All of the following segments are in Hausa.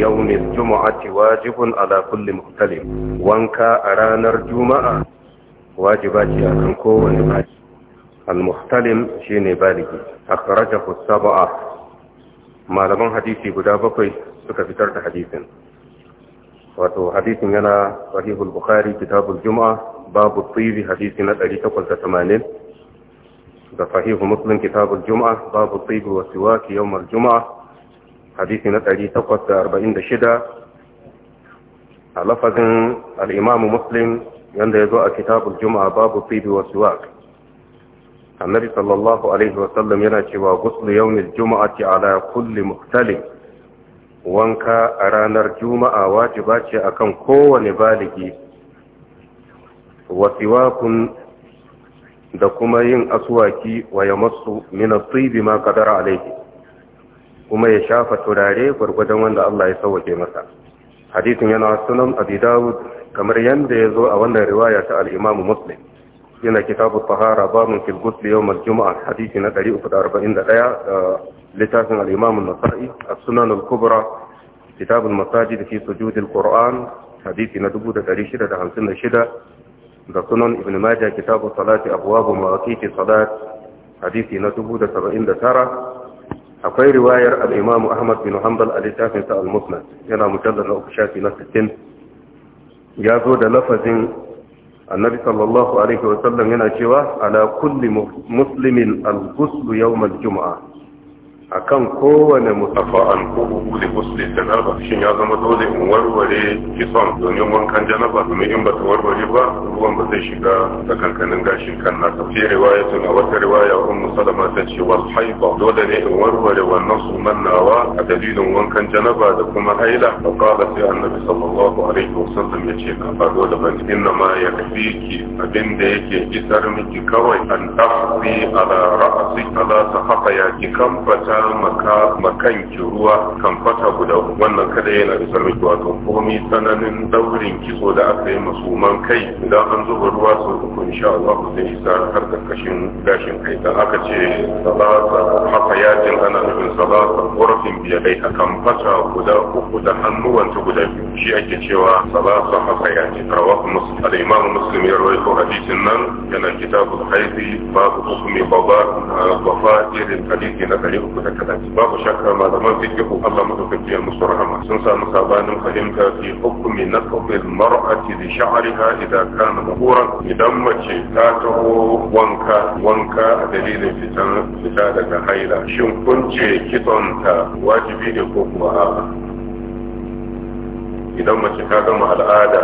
يوم الجمعة واجب على كل مختلف وانك أران الجمعة واجبات يأكنكو المختلف شيني بالي أخرجه السبعة ما لمن حديثي بدا بقي سكفترت حديثا وتو حديث أنا صحيح البخاري كتاب الجمعة باب الطيب حديثنا الذي تقل تتمانين صحيح مسلم كتاب الجمعة باب الطيب والسواك يوم الجمعة hadisi na ɗari da arba'in 846 a lafazin al'imamu muslim yadda ya zo a kitabul juma'a babu fibi wasu wa annabi sallallahu alaihi wasallam yana cewa guslu yawmin juma'ati ala kulli muhtalim wanka a ranar juma'a wajiba ce akan kowane baligi wasiwakun da kuma yin aswaki wa yamassu min at-tib ma qadara alayhi kuma ya shafa turare gwargwadon wanda Allah ya sauke masa hadisin yana sunan abi dawud kamar yanda ya zo a wannan riwaya ta al-imam muslim yana kitabu tahara babun fil ghusl yawm al-jum'a hadisi na 341 littafin al-imam an-nasa'i as-sunan al-kubra kitab al-masajid fi sujud al-qur'an hadisi na 1656 da sunan ibn majah kitabu salati abwab mawaqiti salat hadisi na 1079 akwai riwayar al-Imam Ahmad bin Hanbal a littafin al-Musnad yana mujallar na uku shafi na 60 ya zo da lafazin annabi sallallahu alaihi wa sallam yana cewa ala kulli muslimin al-ghusl yawm al A kan kowane an ko hukuli kusuri da narba shin ya zama dole in warware kisan domin wankan janaba domin in ba ta warware ba ruwan ba zai shiga ta kankanin gashin kan na ta riwaya tun a wata riwaya ummu salama ta ce wal dole ne in warware wannan sunan nawa a dalilin wankan janaba da kuma haila fa qala sai annabi sallallahu alaihi wasallam ya ce ba dole ba inna ma yakfiki abinda yake isar miki kawai an tafsi ala ra'si ala sahaba ya ki fata. makanki ruwa kan fata guda wannan kada yana da sarmaki wato komi tsananin daurin kitso da aka yi masuman kai idan an zuba ruwa sau uku insha Allah zai isa har karkashin gashin kai dan aka ce salata jin ana nufin salata biyar biyadai kan fata guda uku da hannuwanta guda biyu shi ake cewa salata hafayatin rawahu muslim al-imam muslim ya rawaito hadisin nan yana kitabul haizi babu hukmi qada wa irin hadisi na 300 da talatin babu shakka malaman fikihu Allah madaukaki ya musu rahama sun samu sabanin fahimta fi hukumi na kafin mar'ati da sha'ariha idan kana mahuran idan mace ta taho wanka wanka a dalilin fitan fita daga haila shin kun ce kitsonta wajibi ne ko kuma a'a idan mace ta gama al'ada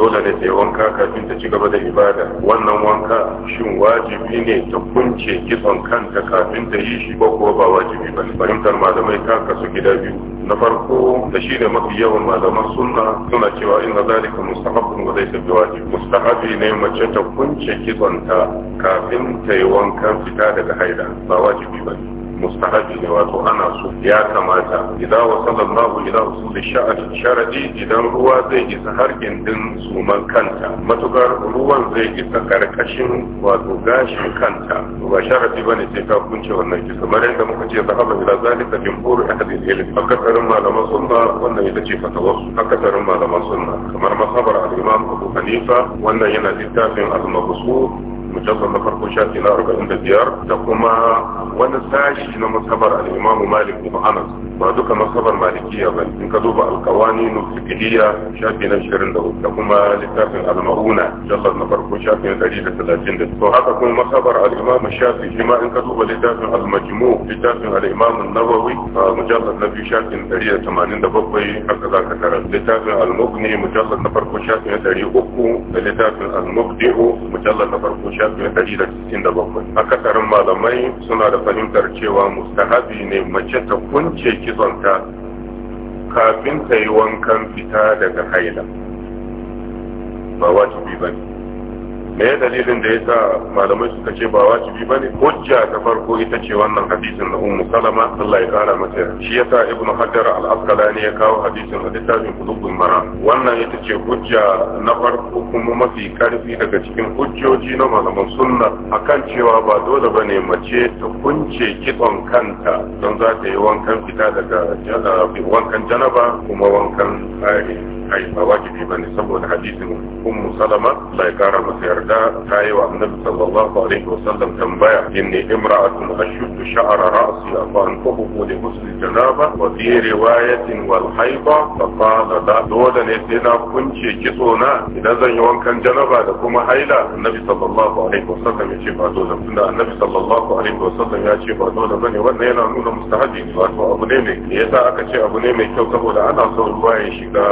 dole ne ta yi wanka kafin ta ci gaba da ibada wannan wanka shin wajibi ne ta kunce kitson kanta kafin ta yi shi ko ba wajibi ba fahimtar malamai ta kasu gida biyu na farko da shi ne mafi yawan malaman sunna suna cewa na zalika mustahabin wa tafi wajibi mustahabi ne mace ta kunce kitsonta kafin ta yi wankan fita daga haida ba wajibi ba mustahabi ne wato ana so ya kamata idan wa sallallahu ila usul sha'ani sharadi idan ruwa zai isa har gindin suman kanta matukar ruwan zai isa karkashin wato gashin kanta ba sharadi bane sai ka kunce wannan kisa kamar yadda muka ce sahaba ila zalika jumhur ahli ilm akasarin malaman sunna wannan ita ce fatawar su akasarin malaman sunna kamar masabar al-imam Abu Hanifa wannan yana littafin al مجلد مفرقوشات نارك عند الديار تقوم ونساش إلى مصبر الإمام مالك بن أنس وهذا كما صبر مالكية بل إن كذوب القوانين الفقهية شاكي نشر له تقوم لكافي المؤونة مجلد مفرقوشات دليل الثلاثين وهذا كما صبر الإمام الشافي جماع إن كذوب لكافي المجموع لكافي الإمام النووي مجلس النبي شاكي دليل الثمانين دبقوي حتى ذاك ترى لكافي المبني مجلد مفرقوشات دليل أكو لكافي المبدئ مجلد مفرقوشات shafi na akasarin malamai suna da fahimtar cewa mustahabi ne mace ta kunce kitsonta kafin ta yi wankan fita daga haila ba wajibi ba ne me ya dalilin da yasa malamai suka ce ba wajibi bane hujja ta farko ita ce wannan hadisin na ummu salama Allah ya kara mata shi yasa ibnu hajar al-asqalani ya kawo hadisin a littafin kutubul mara wannan ita ce hujja na farko kuma mafi karfi daga cikin hujjoji na malaman sunna akan cewa ba dole bane mace ta kunce kitson kanta don za ta yi wankan fita daga wankan janaba kuma wankan eh, ai ba wajibi bane saboda hadisin ummu salama Allah ya kara mata yarda guda ta yi wa annabi sallallahu alaihi wasallam tambaya inni imra'atun ashuddu sha'ra ra'si fa anfuhu li ghusli janaba wa fi riwayatin wal haiba fa qala da dole ne sai na kunce kitso na idan zan yi wankan janaba da kuma haila annabi sallallahu alaihi wasallam ya ce ba dole tunda annabi sallallahu alaihi wasallam ya ce ba dole bane wannan yana nuna mustahabi wato abu ne mai yasa aka ce abu ne mai kyau saboda ana son ruwa ya shiga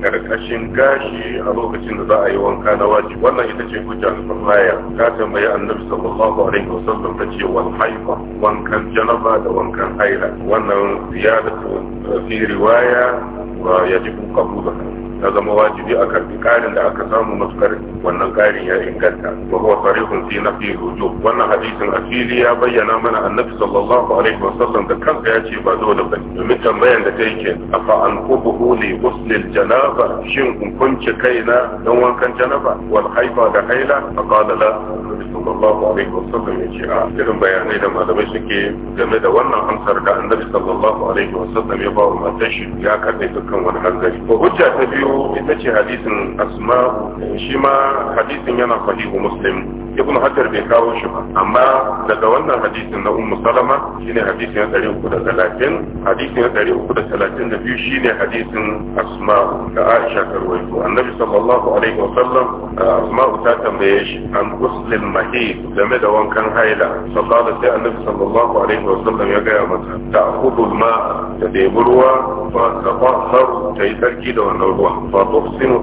karkashin gashi a lokacin da za a yi wanka na waje wannan ita ce hujja sallaya ta tambayi annabi sallallahu alaihi wasallam ta ce wal haifa wankan janaba da wankan haila wannan ziyadatu fi riwaya wa yajibu qabulaha na zama wajibi a karbi ƙarin da aka samu matukar wannan ƙarin ya inganta wa huwa sarihun fi nafi rujub wannan hadisin asili ya bayyana mana annabi sallallahu alaihi wasallam da kansa ya ce ba dole ba domin tambayan da ta yi yake afa an qubuhu li ghusl janaba shin kun kunce kaina don wankan janaba wal haifa da haila a faqala la sallallahu alaihi wasallam ya ce a irin bayanai da malamai suke game da wannan amsar da annabi sallallahu alaihi wasallam ya ba wa matashi ya karbe dukkan wani hanzari ko hujja ta biyu ita ce hadisin asma shi ma hadisin yana sahihu muslim ibn hajar bai kawo shi ba amma daga wannan hadisin na ummu salama shine hadisi na 330 hadisi na 332 shine hadisin asma da aisha karwaito annabi sallallahu alaihi wasallam asma ta tambaye shi an uslil mahid game da wankan haila sallallahu alaihi annabi sallallahu alaihi wasallam ya gaya mata ta khudul ma ta debi ruwa fa tafahhar ta yi sarki da wannan ruwa fa tuhsinu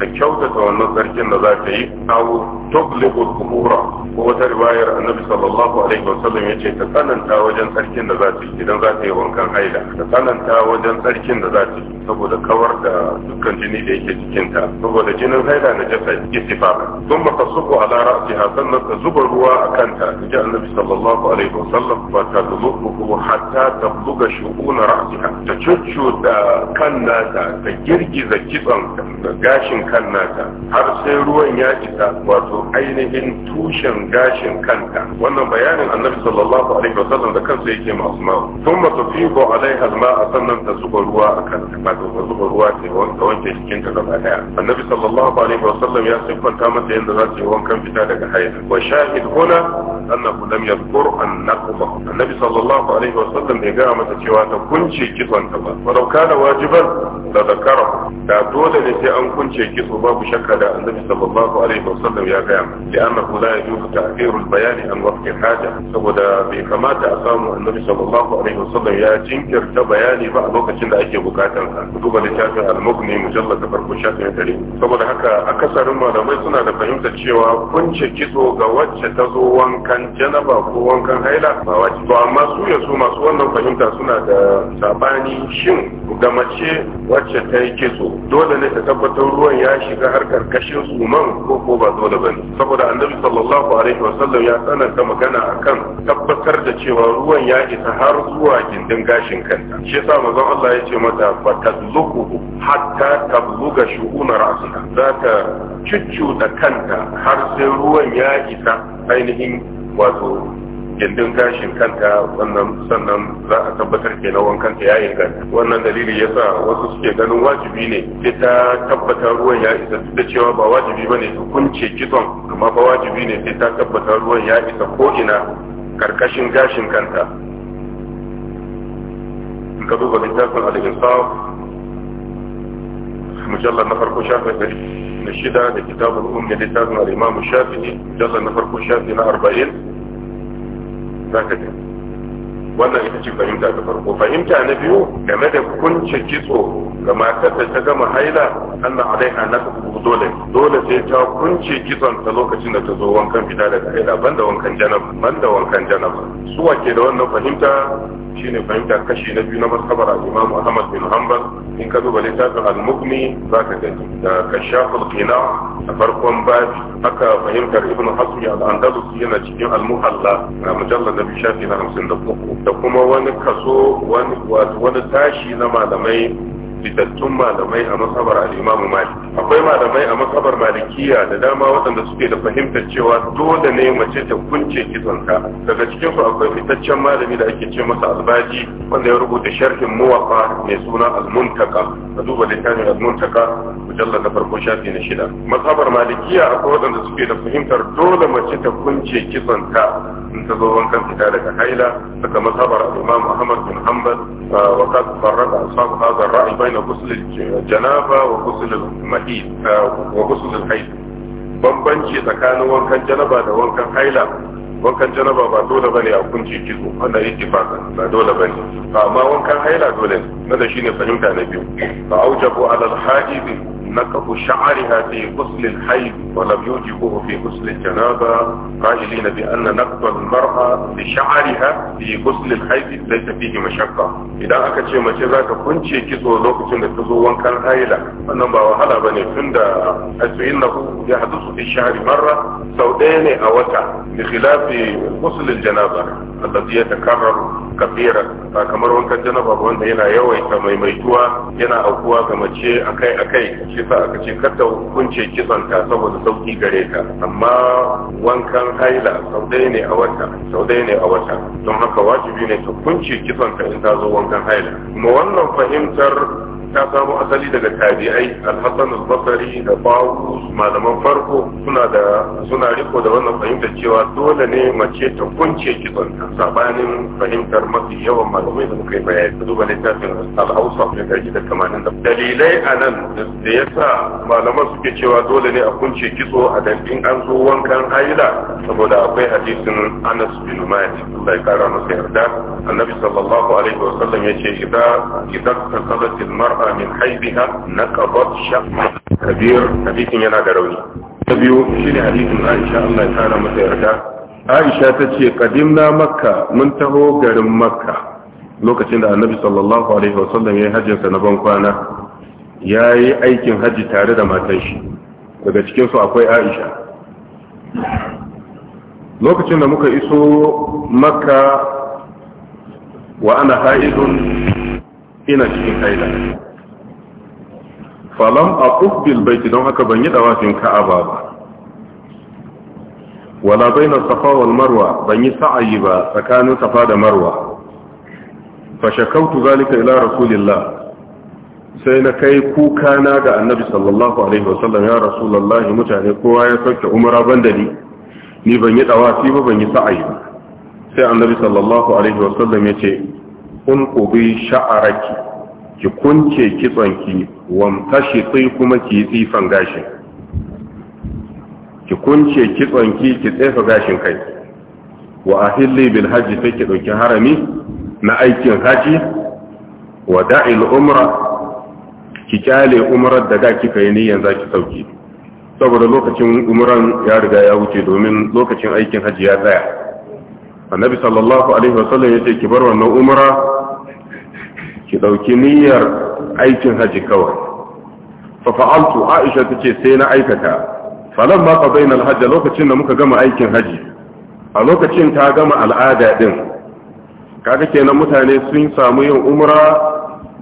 ta kyautata wannan sarkin da za ta yi aw tublihu qubura ko wata riwayar annabi sallallahu alaihi wasallam yace ta tsananta wajen tsarkin da za ta yi idan za ta yi wankan haila ta tsananta wajen tsarkin da za ta yi saboda kawar da dukkan jini da yake jikinta saboda jinin haila na jasa ittifaqa thumma tasubbu ala ra'siha sannan ta zuba ruwa a kanta ji annabi sallallahu alaihi wasallam fa ta tuzuru hatta tabluga shu'un ra'siha ta cuccu da kan nata ta girgiza kitson gashin kan nata har sai ruwan ya cika, wato ainihin tushen gashin kanka wannan bayanin annabi sallallahu alaihi wasallam da kansa yake masu mawa thumma tufidu alaiha a sannan ta zuba ruwa a kanta ba ta zuba ruwa ta wanke cikin ta gaba daya annabi sallallahu alaihi wasallam ya siffanta mata yadda za ta yi wankan fita daga haila wa shahid huna annahu lam yadhkur an naqba annabi sallallahu alaihi wasallam bai ga mata cewa ta kunce kitson ta ba walau kana wajiban da zakara da dole ne sai an kunce kitso babu shakka da annabi sallallahu alaihi wasallam ya ga ya أنه لا يجوز تأخير البيان عن وقت الحاجة saboda bai kamata a samu annabi sallallahu alaihi wasallam ya jinkirta bayani ba a lokacin da ake bukatar sa duba littafin al mukni mujallad da farko shafin dare saboda haka akasarin malamai suna da fahimta cewa kunce kitso ga wacce ta zo wankan janaba ko wankan haila ba wace to amma su ya su masu wannan fahimta suna da sabani shin ga mace wacce ta yi kitso dole ne ta tabbatar ruwan ya shiga har karkashin suman ko ko ba dole bane saboda annabi annabi sallallahu alaihi wasallam ya tsananta magana akan tabbatar da cewa ruwan ya isa har zuwa gindin gashin kanta shi yasa manzon Allah ya ce mata fa tadluquhu hatta tabluga shu'una ra'sika za ta cuccuta kanta har sai ruwan ya isa ainihin wato gindin gashin kanta wannan sannan za a tabbatar ke na wankan ta ya inganta wannan dalili sa wasu suke ganin wajibi ne sai ta tabbata ruwan ya isa duk da cewa ba wajibi bane su kunce kitson amma ba wajibi ne sai ta tabbata ruwan ya isa ko ina karkashin gashin kanta in ka duba littafin al-insaf mujallar na farko shafin dari na shida da kitabul ummi littafin al-imam shafi'i mujallar na farko shafi na arba'in za ka gani wannan ita ce fahimta ta farko fahimta na biyu game da kunce kitso ga matar da ta gama haila Allah a na bugu dole dole sai ta kunce kitson ta lokacin da ta zo wankan fita daga haila da wankan janaba da wankan janaba su wake da wannan fahimta shine fahimta kashi na biyu na masabar Imam Ahmad bin Hanbal in ka duba littafin al za zaka gani da Kashaful Qina a farkon babi aka fahimtar Ibn Hasmi al yana cikin Al-Muhalla a mujallar na shafi na 53 da kuma wani kaso wani tashi na malamai fitattun malamai a masabar al Malik akwai malamai a masabar Malikiya da dama waɗanda suke da fahimtar cewa dole ne mace ta kunce kitsonta daga cikin akwai fitaccen malami da ake ce masa Albaji wanda ya rubuta sharhin Muwafa mai suna almuntaka. muntaka ka duba littafin almuntaka, muntaka na farko shafi na shida masabar Malikiya akwai waɗanda suke da fahimtar dole mace ta kunce ka. in ta zo wankan fita daga haila daga masabar al Ahmad bin Hanbal ah, wa qad farraqa ashab hadha بين غسل الجنابة وغسل المحيط وغسل الحيض bambanci tsakanin wankan janaba da wankan haila wankan janaba ba dole bane a kunci kizo wanda yake fasa ba dole bane amma wankan haila dole ne na da shine fahimta na biyu fa aujabu ala al-haid نكب شعرها في غسل الحيض ولم يوجبه في غسل الجنابة قائلين بأن نكب المرأة لشعرها في غسل الحيض ليس فيه مشقة إذا أكتش مجرى كنتي كسو لوكتن تزو وانك الهائلة أنا ما وهلا بني تند حيث إنه يحدث في الشعر مرة سودين أو بخلاف غسل الجنابة الذي يتكرر kabira ba kamar wankan janaba ba wanda yana yawaita maimaituwa yana aukuwa ga mace akai akai shi sa aka ce kada kunce kitsanta saboda sauki gare ta amma wankan haila sau ɗaya ne a wata sau ɗaya ne a wata don haka wajibi ne ta kunce kitsanta in ta zo wankan haila kuma wannan fahimtar ta samu asali daga tabi'ai Alhassan, Albasari, da bawu malaman farko suna da suna riko da wannan fahimtar cewa dole ne mace ta kunce kitsanta sabanin fahimtar mafi yawan malamai da muka yi bayani ka duba littafin al'ausa ne ga gidan kamanin da dalilai a nan da ya sa malaman suke cewa dole ne a kunce kitso a dangin an zo wankan haila saboda akwai hadisin anas bin malik Allah ya kara masa yarda annabi sallallahu alaihi wa sallam yace idza idza tasalat al-mar'a min haibiha naqadat shaqqa kabir hadisin yana da rauni ta biyu shine hadisin Aisha Allah ya kara masa yarda aisha ta ce na makka mun taho garin makka lokacin da annabi sallallahu alaihi wasallam ya yi hajjinsa na ban kwana ya yi aikin hajji tare da matan shi daga cikinsu akwai aisha lokacin da muka iso makka wa ana haidun ina cikin haida Falon a ƙufbil baiti don haka ban yi dawafin ka'aba ba wala baina safa wal marwa ban yi sa'ayi ba tsakanin safa da marwa fa shakautu zalika ila rasulillah sai na kai kuka na ga annabi sallallahu alaihi wasallam ya rasulullahi mutane kowa ya sauke umara banda ni ban yi dawafi ba ban yi sa'ayi ba sai annabi sallallahu alaihi wasallam ya ce kun qubi sha'araki ki kunce kitsonki wamtashi kuma ki tsifan gashin ki kunce kitsonki ki tsefa gashin kai wa ahilli bil hajji sai ki dauki harami na aikin haji wa da'il umra ki kyale umrar da da kika yi yanzu ki sauki saboda lokacin umran ya riga ya wuce domin lokacin aikin haji ya tsaya annabi sallallahu alaihi wasallam yace ki bar wannan umra ki dauki niyyar aikin haji kawai fa fa'altu aisha tace sai na aikata falon ma qadayna al lokacin da muka gama aikin haji a lokacin ta gama al'ada ɗin. kaga kenan mutane sun samu yin umra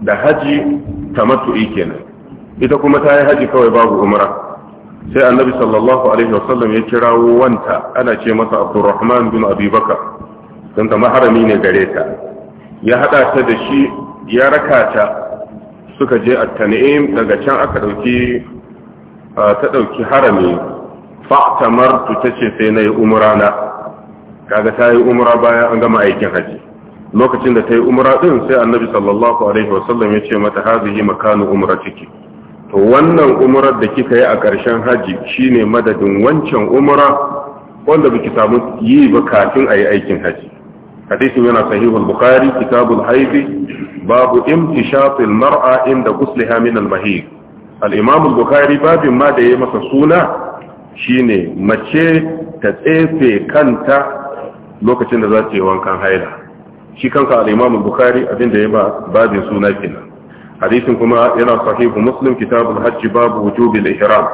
da haji matu'i kenan ita kuma ta yi haji kawai babu umra sai annabi sallallahu alaihi wasallam ya kirawo wanta ana ce masa abdurrahman bin abubakar don ta maharami ne gare ta ya haɗa ta da shi ya raka ta suka je a tanim daga can aka ɗauki. ta ɗauki harami fa'tamartu ta ce sai na yi umurana kaga ta yi umura bayan an gama aikin haji lokacin da ta yi umura ɗin sai annabi sallallahu alaihi wasallam ya ce mata hazihi makanu umura ciki to wannan umurar da kika yi a ƙarshen haji shine madadin wancan umura wanda biki samu yi ba kafin a yi aikin haji hadisin yana sahihul bukhari kitabul haifi babu imtishatil mar'a inda ghusliha min al al-imam bukhari babin ma da yayi masa suna shine mace ta tsefe kanta lokacin da za ta yi wankan haila shi kanka al-imam bukhari abinda ya ba babin suna kenan hadisin kuma yana sahihu muslim kitabul hajj babu wujubil ihram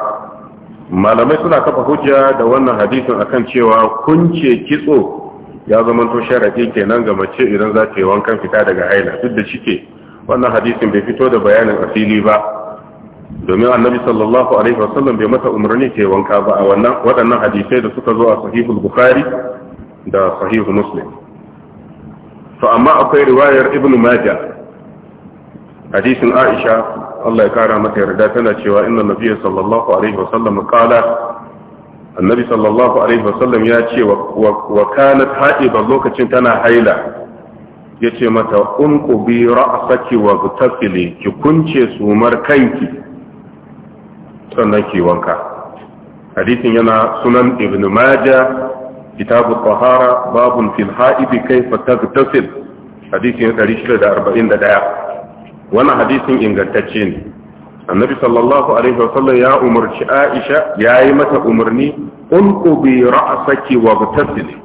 malamai suna kafa hujja da wannan hadisin akan cewa kunce kitso ya zama zamanto sharadi kenan ga mace idan za ta yi wankan fita daga haila duk da shike wannan hadisin bai fito da bayanin asili ba domin annabi sallallahu alaihi wasallam bai mata umarni ce wanka ba a wannan waɗannan hadisai da suka zo a sahihul bukhari da sahihul muslim to amma akwai riwayar ibn majah hadisin aisha Allah ya kara mata yarda tana cewa inna nabiyyi sallallahu alaihi wasallam qala annabi sallallahu alaihi wasallam ya ce wa kanat ha'iba lokacin tana haila yace mata unqubi ra'saki wa gutafili ki kunce sumar kanki sannan ki wanka hadisin yana sunan ibn maja kitabu tahara babun fil ha'ibi kayfa taghtasil hadisin 641 wannan hadithin ingantacce ne annabi sallallahu alaihi sallam, ya umarci aisha ya yi mata umarni bi ra'saki wa btasili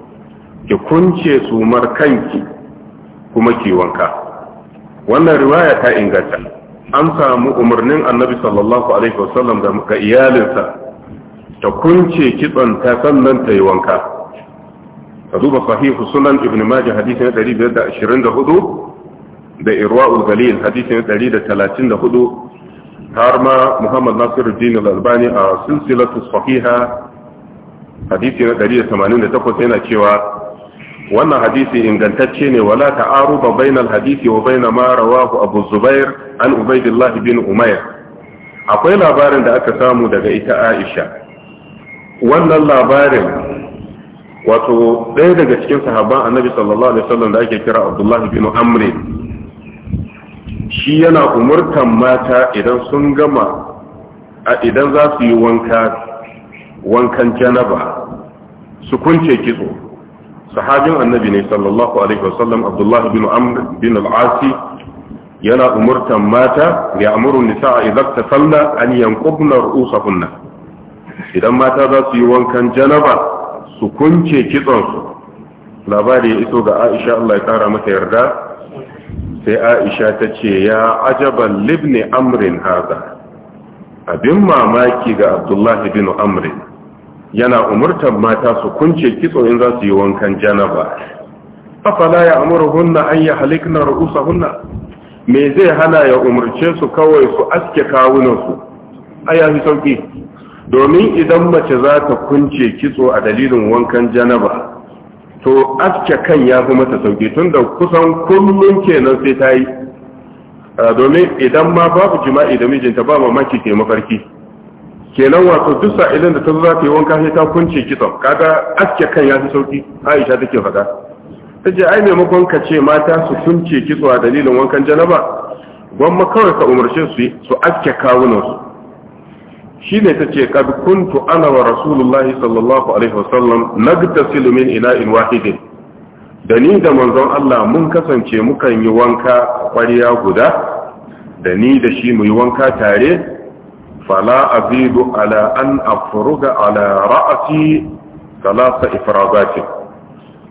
ki kunce sumar kanki kuma ki wanka wannan riwaya ta inganta an samu umarnin annabi sallallahu alaihi wasallam ga iyalinsa ta kunce kitson ta sannan ta yi wanka ka duba sahihu sunan ibn majah hadisi na 524 da irwa'ul galil hadisi na 134 har ma muhammad nasiruddin al-albani a silsilatu sahiha hadisi na 188 yana cewa wannan hadisi ingantacce ne wala ta'aruba bainal hadisi wa bain ma rawahu Abu Zubair an Ubaidillah bin Umayr akwai labarin da aka samu daga ita Aisha wannan labarin wato ɗaya daga cikin sahabban Annabi sallallahu alaihi wasallam da ake kira Abdullah bin Amr shi yana umurtan mata idan sun gama a idan za su yi wanka wankan janaba su kunce kitso sahabin annabi ne sallallahu alaihi wasallam abdullahi bin amr bin al-asi yana umurtan mata ya amuru nisa'a idan ta salla an yanqubna ru'usahunna idan mata za su yi wankan janaba su kunce kitson su labari ya iso ga Aisha Allah ya kara mata yarda sai Aisha ta ce ya ajaban libni amrin haza abin mamaki ga Abdullahi bin amrin yana umurtar mata su kunce kitso in za su yi wankan janaba afala ya hunna an ya halikna ru'usahunna me zai hana ya umurce su kawai su aske kawunan su aya fi sauki domin idan mace za ta kunce kitso a dalilin wankan janaba to aske kan ya fi mata sauki tunda kusan kullum kenan sai ta yi domin idan ma babu jima'i da mijinta ba mamaki ke mafarki kenan wato duk sa'ilin da ta za ta yi wanka sai ta kunce kitson kaga aske kan ya fi sauki aisha take faɗa ta ce ai maimakon ka ce mata su kunce kitso a dalilin wankan janaba gwamma kawai ka umarce su su aske kawunansu shi ne ta ce kad kuntu ana wa rasulullahi sallallahu alaihi wasallam silumin ina in wahidin da ni da manzon Allah mun kasance mukan yi wanka kwariya guda da ni da shi mu yi wanka tare فلا أزيد على أن أفرغ على رأسي ثلاثة إفراغات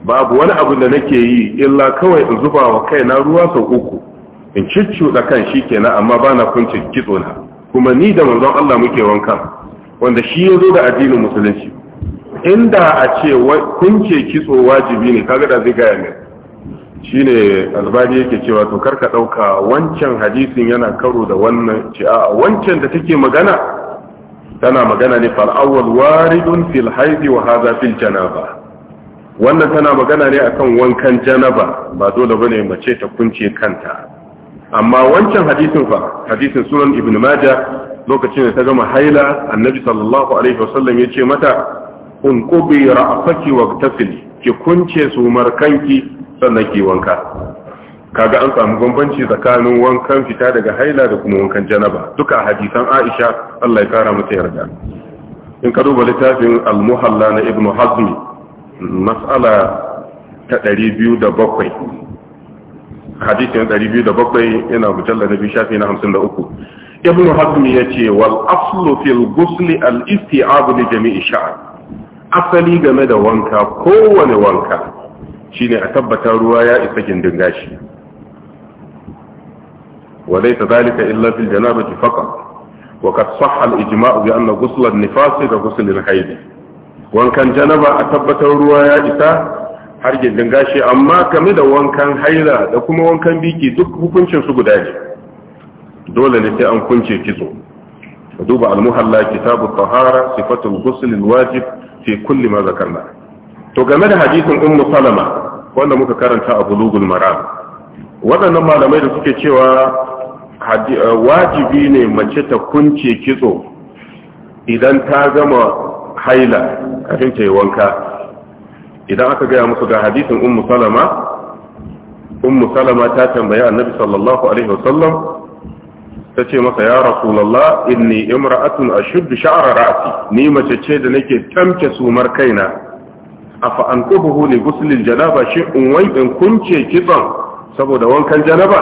باب ولا أبو لنكي إلا كوي الزبا وكينا رواس أكو إن شتشو لكان شيكينا أما بانا كنت جدونا كما نيدا من ذو الله مكي وانكا wanda shi ya zo da addinin musulunci inda a ce kunce kitso wajibi ne kaga da shine albani yake cewa to karka dauka wancan hadisin yana karo da wannan ci a wancan da take magana tana magana ne fal awwal waridun fil haidi wa hadha fil janaba wannan tana magana ne akan wankan janaba ba dole bane mace ta kunce kanta amma wancan hadisin fa hadisin sunan ibnu majah lokacin da ta gama haila annabi sallallahu alaihi wasallam ya ce mata unqubi ra'saki waqtasili ki kunce kanki sannan ki wanka kaga an samu bambanci tsakanin wankan fita daga haila da kuma wankan janaba duka hadisan Aisha Allah ya kara mata yarda in ka duba littafin al-muhalla na ibnu hazmi mas'ala ta 207 hadisin 207 yana mujalla na biyu shafi na 53 ibnu hazmi yace wal aslu fil ghusl al isti'ab li jami'i sha'r asali game da wanka kowane wanka shine a tabbatar ruwa ya isa gindin gashi وليس ذلك إلا في الجنابة فقط وقد صح الإجماع بأن غسل النفاس كغسل Wankan janaba a tabbatar ruwa ya isa har gindin gashi amma kame da wankan haila da kuma wankan biki duk hukuncin su guda ne dole ne sai an kunce kitso duba al-muhalla kitabu tahara sifatul ghusl al-wajib fi kulli ma zakarna to game da hadisin ummu salama wanda muka karanta a bulugul maram waɗannan malamai da suke cewa eh, wajibi ne mace ta kunce kitso idan ta gama haila kafin ta yi wanka idan aka gaya musu ga hadisin ummu salama ummu salama ta tambayi annabi sallallahu alaihi wasallam ta ce masa ya rasulallah inni imra'atun ashuddu sha'ra ra'si ni mace ce da nake tamke sumar kaina afa an kubuhu li guslil janaba shi in wankin kunce kitson saboda wankan janaba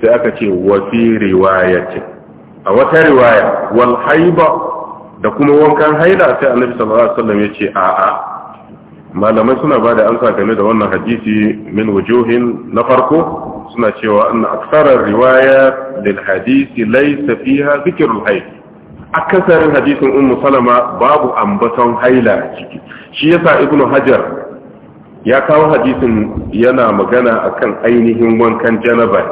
sai aka ce wa fi riwayatin a wata riwaya wal haiba da kuma wankan haila sai annabi sallallahu alaihi wasallam yace a a malamai suna ba da amsa game da wannan hadisi min wujuhin na farko suna cewa anna aksarar riwaya lil hadisi laysa fiha dhikrul akasarin hadisin ummu salama babu ambaton haila ciki shi yasa ibnu hajar ya kawo hadisin yana magana akan ainihin wankan janaba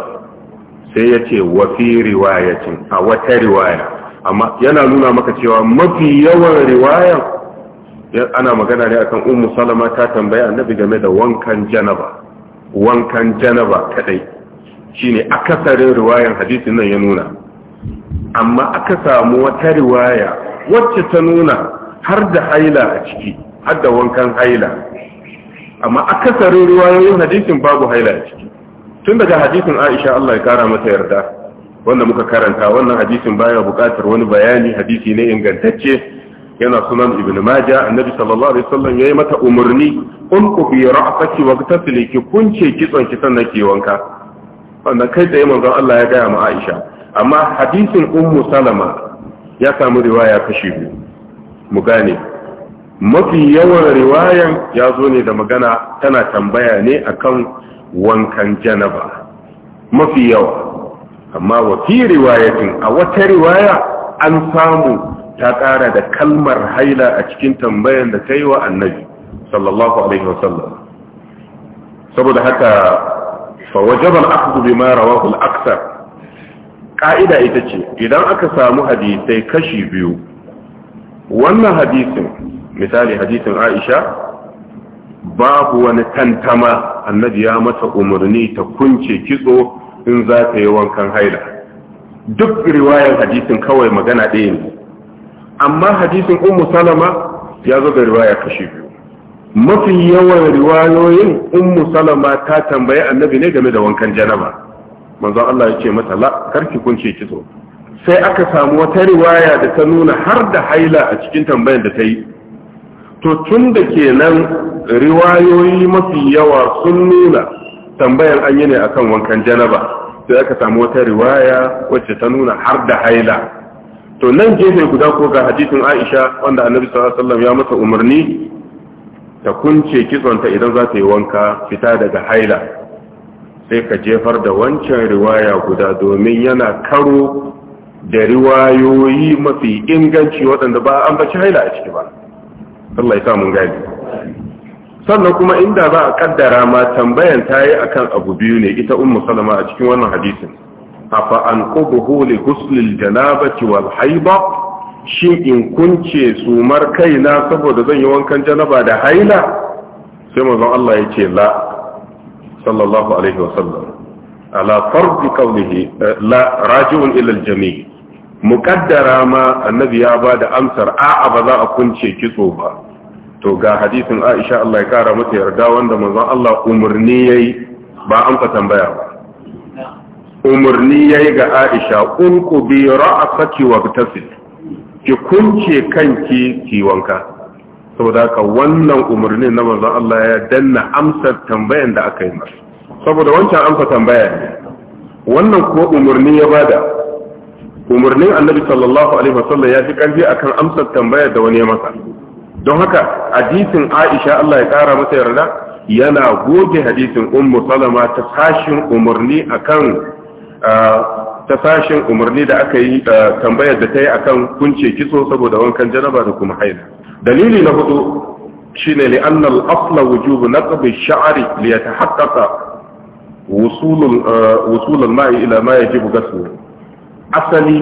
sai yace ce wa fi riwayatin a wata riwaya amma yana nuna maka cewa mafi yawan riwayan ana magana ne akan ummu salama ta tambaye annabi game da wankan janaba wankan janaba kadai shine akasarin riwayan hadisin nan ya nuna amma aka samu wata riwaya wacce ta nuna har da haila a ciki har da wankan haila amma aka sarin riwayoyin hadisin babu haila a ciki tun daga hadisin Aisha Allah ya kara mata yarda wanda muka karanta wannan hadisin baya bukatar wani bayani hadisi ne ingantacce yana sunan ibn maja annabi sallallahu alaihi wasallam yayi mata umurni kun ku bi ra'saki wa tasli ki kunce kitson ki sannan ki wanka wannan kai da manzon Allah ya gaya ma Aisha amma hadisin ummu salama ya samu riwaya kashi biyu mu gane mafi yawan riwayan ya zo ne da magana tana tambaya ne akan wankan janaba mafi yawa amma wafi riwayatin a wata riwaya an samu ta ƙara da kalmar haila a cikin tambayan da ta yi wa annabi sallallahu alaihi wasallam saboda haka fawajabar akudu bi ma rawahul aksar ka'ida ita ce idan aka samu hadisai kashi biyu wannan hadisin misali hadisin aisha babu wani tantama annabi ya mata umarni ta kunce kitso in za ta yi wankan haila duk riwayar hadisin kawai magana ɗaya ne amma hadisin ummu salama ya zo da riwaya kashi biyu mafi yawan riwayoyin ummu salama ta tambaye annabi ne game da wankan janaba manzon Allah ya ce mata la karki kunce kitso sai aka samu wata riwaya da ta nuna har da haila a cikin tambayar da ta yi to tun da kenan riwayoyi mafi yawa sun nuna tambayar an yi ne akan wankan janaba sai aka samu wata riwaya wacce ta nuna har da haila to nan gefe guda ko ga hadisin Aisha wanda Annabi sallallahu alaihi ya masa umarni ta kunce kitsonta idan za ta yi wanka fita daga haila sai ka jefar da wancan riwaya guda domin yana karo da riwayoyi mafi inganci waɗanda ba an baci haila a ciki ba Allah ya sa mun gani sannan kuma inda za a kaddara ma tambayan ta yi akan abu biyu ne ita ummu salama a cikin wannan hadisin afa an qubuhu li Guslil, janabati wal haiba shin in kunce sumar kaina saboda zan yi wankan janaba da haila sai manzon Allah ya ce la sallallahu alaihi wasallam ala fardi qawlihi eh, la raji'un ila al ma annabi ya ba da amsar a'a ba za a kunce kitso ba to ga hadisin Aisha Allah ya kara mata yarda wanda manzon Allah umurni yayi ba amsa tambaya ba umurni yayi ga Aisha unku bi ra'saki wa tasil ki kunce kanki ki wanka saboda haka wannan umarnin na manzon Allah ya danna amsar tambayan da aka yi masa saboda wancan amsa tambaya ne wannan kuwa umarni ya bada umarnin annabi sallallahu alaihi wasallam ya fi karfi akan amsar tambayar da wani ya masa don haka hadisin Aisha Allah ya kara masa yarda yana goge hadisin Ummu Salama ta sashin umarni akan ta sashin umarni da aka yi tambayar da ta yi akan kunce kitso saboda wankan janaba da kuma haila dalili na hudu shine li anna asla wujub naqb ash-sha'r li yatahaqqaqa wusul uh, wusul mai ila ma asali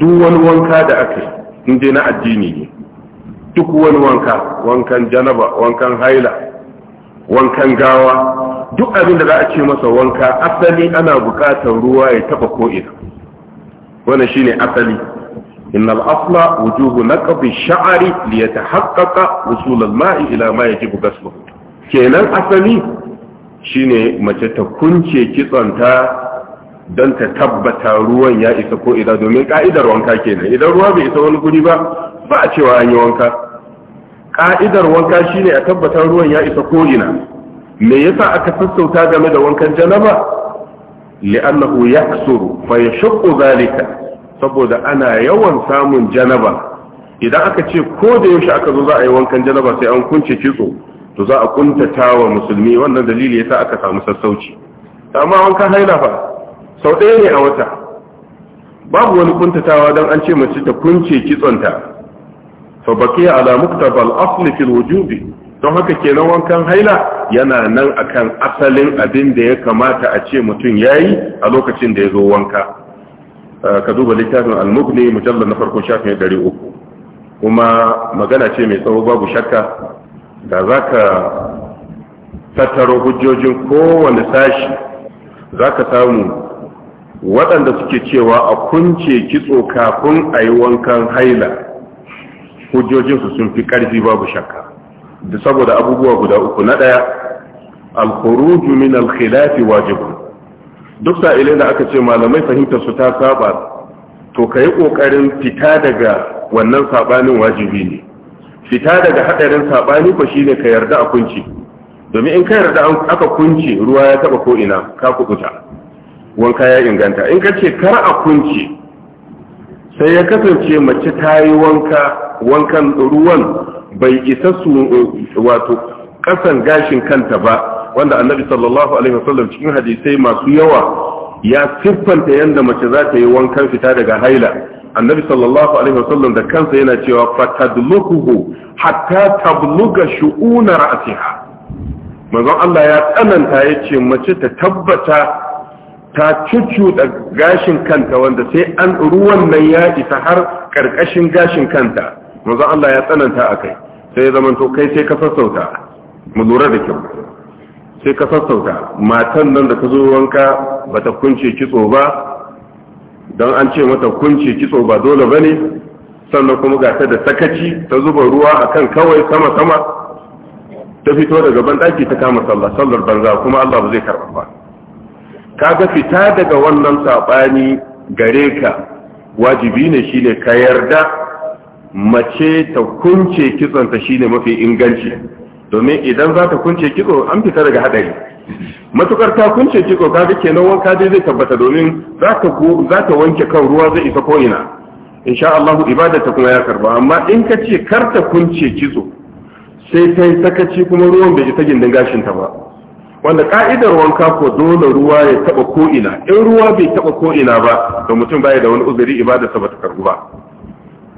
duk wani wanka da akai inda na addini ne duk wani wanka wankan janaba wankan haila wankan gawa duk abin da za a ce masa wanka asali ana bukatar ruwa ya taba ko'ina wannan shine asali إن الأصل وجوب نقض الشعر ليتحقق وصول الماء إلى ما يجب غسله kenan asali shine mace ta kunce kitsonta don ta tabbata ruwan ya isa ko domin ka'idar wanka kenan idan ruwa bai isa wani guri ba ba a cewa an yi wanka ka'idar wanka shine a tabbatar ruwan ya isa ko'ina. ina me yasa aka sassauta game da wankan janaba li'annahu yaksuru fa yashqu zalika saboda ana yawan samun janaba idan aka ce ko da yaushe aka zo za a yi wankan janaba sai an kunce kitso to za a kuntata wa musulmi wannan dalili yasa aka samu sassauci amma wankan haila fa sau ɗaya ne a wata babu wani kuntatawa don an ce mace ta kunce kitsonta fa bakiya ala muktabal asli fil wujubi don haka kenan wankan haila yana nan akan asalin abin da ya kamata a ce mutum yayi a lokacin da ya zo wanka ka duba littafin al-mughni mujallal na farko shafin 300 kuma magana ce mai tsawo babu shakka da zaka tattaro hujjojin kowane sashi zaka samu waɗanda suke cewa a kunce kitso kafin a yi wankan haila hujjojinsu sun fi ƙarfi babu shakka da saboda abubuwa guda uku na ɗaya al-khuruju min al-khilafi wajibun duk sa'ilai da aka ce malamai fahimtar su ta saba to ka yi ƙoƙarin fita daga wannan saɓanin wajibi ne fita daga haɗarin sabani ko shine ka yarda a kunci domin in ka yarda aka kunci ruwa ya taɓa ko'ina ka kuɓuta wanka ya inganta in ka ce kar a kunci sai ya kasance mace ta yi wanka wankan ruwan bai isa su wato ƙasan gashin kanta ba wanda annabi sallallahu alaihi wasallam cikin hadisai masu yawa ya siffanta yanda mace za ta yi wankan fita daga haila annabi sallallahu alaihi wasallam da kansa yana cewa fatadlukuhu hatta tabluga shu'una ra'siha manzon Allah ya tsananta yace mace ta tabbata ta da gashin kanta wanda sai an ruwan nan ya isa har ƙarƙashin gashin kanta manzon Allah ya tsananta akai sai ya zamanto kai sai ka sassauta mu lura da kyau sai ka sassauta matan nan da ta zo wanka ba ta kunce kitso ba don an ce mata kunce kitso ba dole ba ne sannan kuma ga ta da sakaci ta zuba ruwa a kan kawai sama-sama ta fito daga banɗaki ta kama sallah sallar banza kuma allah ba zai karɓa ba ka ga fita daga wannan saɓani gare ka wajibi ne shine ka yarda mace ta kunce kitsonta shine mafi inganci domin idan za ta kunce kitso an fita daga hadari matukar ta kunce kitso kaga na wanka dai zai tabbata domin za ta wanke kan ruwa zai isa ko ina insha Allah ta kuma ya karba amma in ka ce kar ta kunce kitso sai ta yi sakaci kuma ruwan bai ta gindin gashin ta ba wanda ka'idar wanka ko dole ruwa ya taba ko ina in ruwa bai taba ko ina ba to mutum baya da wani uzuri ibadarsa ba ta karbu ba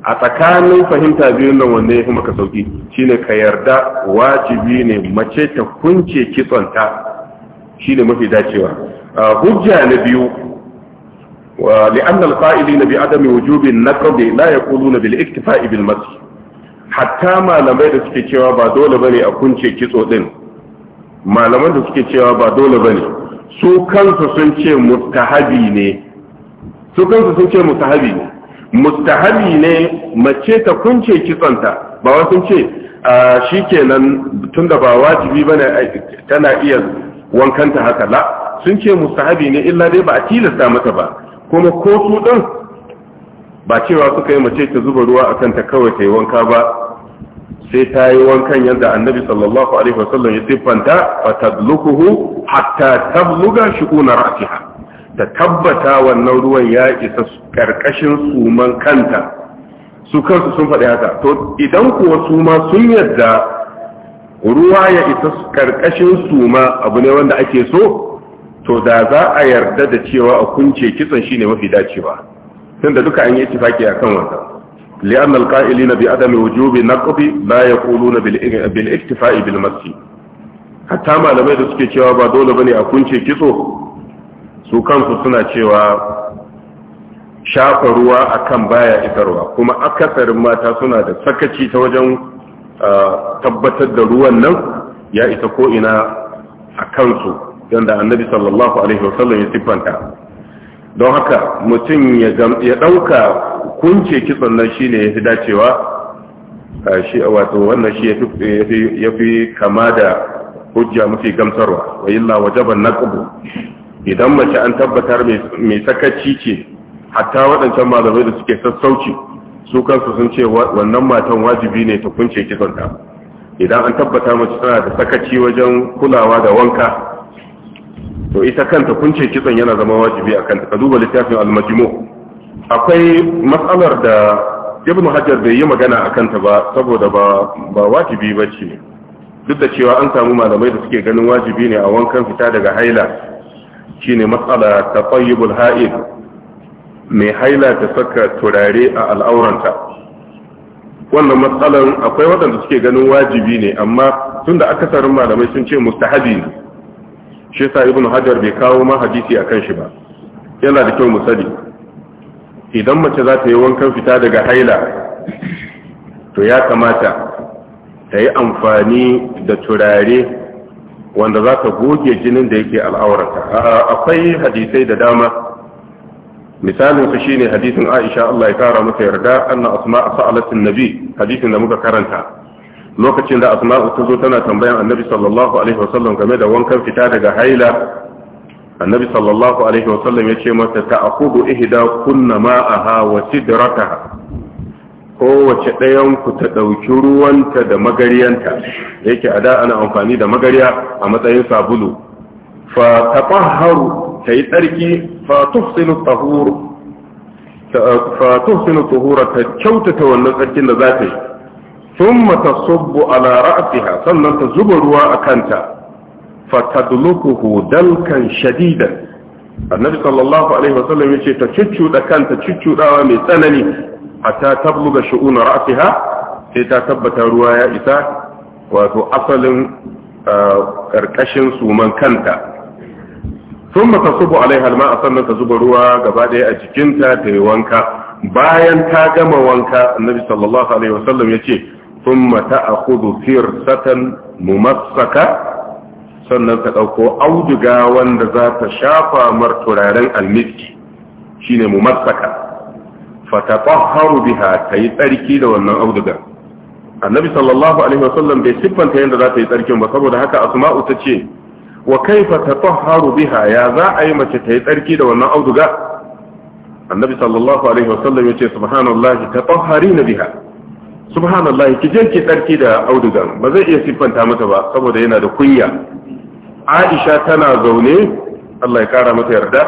a tsakanin fahimta biyun nan wanne ya fi maka sauki shine ka yarda wajibi ne mace ta kunce kitsonta shine mafi dacewa hujja na biyu ولأن القائلين بعدم وجوب النقض لا يقولون بالاكتفاء بالمسح حتى Hatta malamai da suke cewa ba dole bane a kunce kitso din malaman da suke cewa ba dole bane su kansu sun ce mustahabi ne su kansu sun ce mustahabi ne mustahabi ne mace ta kunce kitsonta ba wasu ce ah, shi kenan tun da ba wajibi bane tana iya wankanta haka la sun ce mustahabi ne illa dai ba a tilasta mata ba kuma ko su din ba cewa suka yi mace ta zuba ruwa a kanta kawai ta yi wanka ba sai ta yi wankan yadda annabi sallallahu alaihi wasallam ya siffanta fa tadlukuhu hatta tabluga shuquna ra'siha ta tabbata wannan ruwan ya isa karkashin suman kanta su kansu sun faɗi haka to idan kuwa suma sun yadda ruwa ya isa karkashin suma abu ne wanda ake so to da za a yarda da cewa a kunce kitson shine mafi dacewa da duka an yi ittifaki akan wannan na القائلين بعدم وجوب النقض لا يقولون bil بالمسي حتى malamai da suke cewa ba dole bane a kunce kitso su kansu suna cewa shafa ruwa akan baya isarwa, kuma akasarin mata suna da sakaci ta wajen tabbatar da ruwan nan ya ita ko'ina a kansu yadda annabi sallallahu alaihi wasallam ya siffanta don haka mutum ya ɗauka kunce kitson nan ne ya fi dacewa shi wato wannan shi ya fi kama da hujja mafi gamsarwa wa jaban na ƙubu idan mace an tabbatar mai sakaci ce hatta waɗancan malamai da suke sassauci su kansu sun ce wannan matan wajibi ne ta kunce kisanta idan an tabbata mace tana da sakaci wajen kulawa da wanka to ita kanta kunce kitson yana zama wajibi a kanta ka duba littafin almajimo. akwai matsalar da ibn hajar bai yi magana a kanta ba saboda ba wajibi ba ce duk da cewa an samu malamai da suke ganin wajibi ne a wankan fita daga haila shine matsala ta tayyibul ha'il mai haila ta saka turare a al'auranta wannan matsalan akwai waɗanda suke ganin wajibi ne amma tunda akasarin malamai sun ce mustahabi ne shi yasa ibn hajar bai kawo ma hadisi akan shi ba yana da kyau mu idan mace za ta yi wankan fita daga haila to ya kamata ta yi amfani da turare wanda za ka goge jinin da yake al'aurata akwai hadisai da dama misalin su shine hadisin Aisha Allah ya kara masa yarda anna asma'a sa'alatin nabi hadisin da muka karanta lokacin da asma'u ta zo tana tambayan annabi sallallahu alaihi wasallam game da wankan fita daga haila annabi sallallahu alaihi wasallam ya ce mata ta'khudhu ihda kunna ma'aha wa sidrataha kowace ɗayanku ta ɗauki ruwanta da magaryanta yake a da ana amfani da magarya a matsayin sabulu fa ƙwararru, ta yi tsarki fa tuhura eh, ta kyautata wannan tsarkin da za ta yi mata tasubbu ala ra'siha sannan ta zuba ruwa a kanta fa tadlukuhu dalkan shadidan annabi sallallahu alaihi wasallam yace ta cuccuɗa kanta cuccuɗawa mai tsanani hatta tabluga shu'una ra'siha sai ta tabbata ruwa ya isa wato asalin karkashin ah, suman kanta sun mata subu alaihal ma sannan ta zuba ruwa gaba ɗaya a jikinta ta yi wanka bayan ta gama wanka annabi sallallahu alaihi wasallam ya ce sun mata a kudu firsatan mumassaka sannan ta ɗauko auduga wanda za ta shafa mar turaren almiski shine mumassaka fatatahharu biha kai tsarki da wannan auduga annabi sallallahu alaihi wasallam bai siffanta yadda za ta yi tsarkin ba saboda haka asma'u ta ce wa kaifa tatahharu biha ya za a yi mace ta yi tsarki da wannan auduga annabi sallallahu alaihi wasallam yace subhanallahi tatahharina biha subhanallahi ki je ki tsarki da auduga ba zai iya siffanta mata ba saboda yana da kunya Aisha tana zaune Allah ya kara mata yarda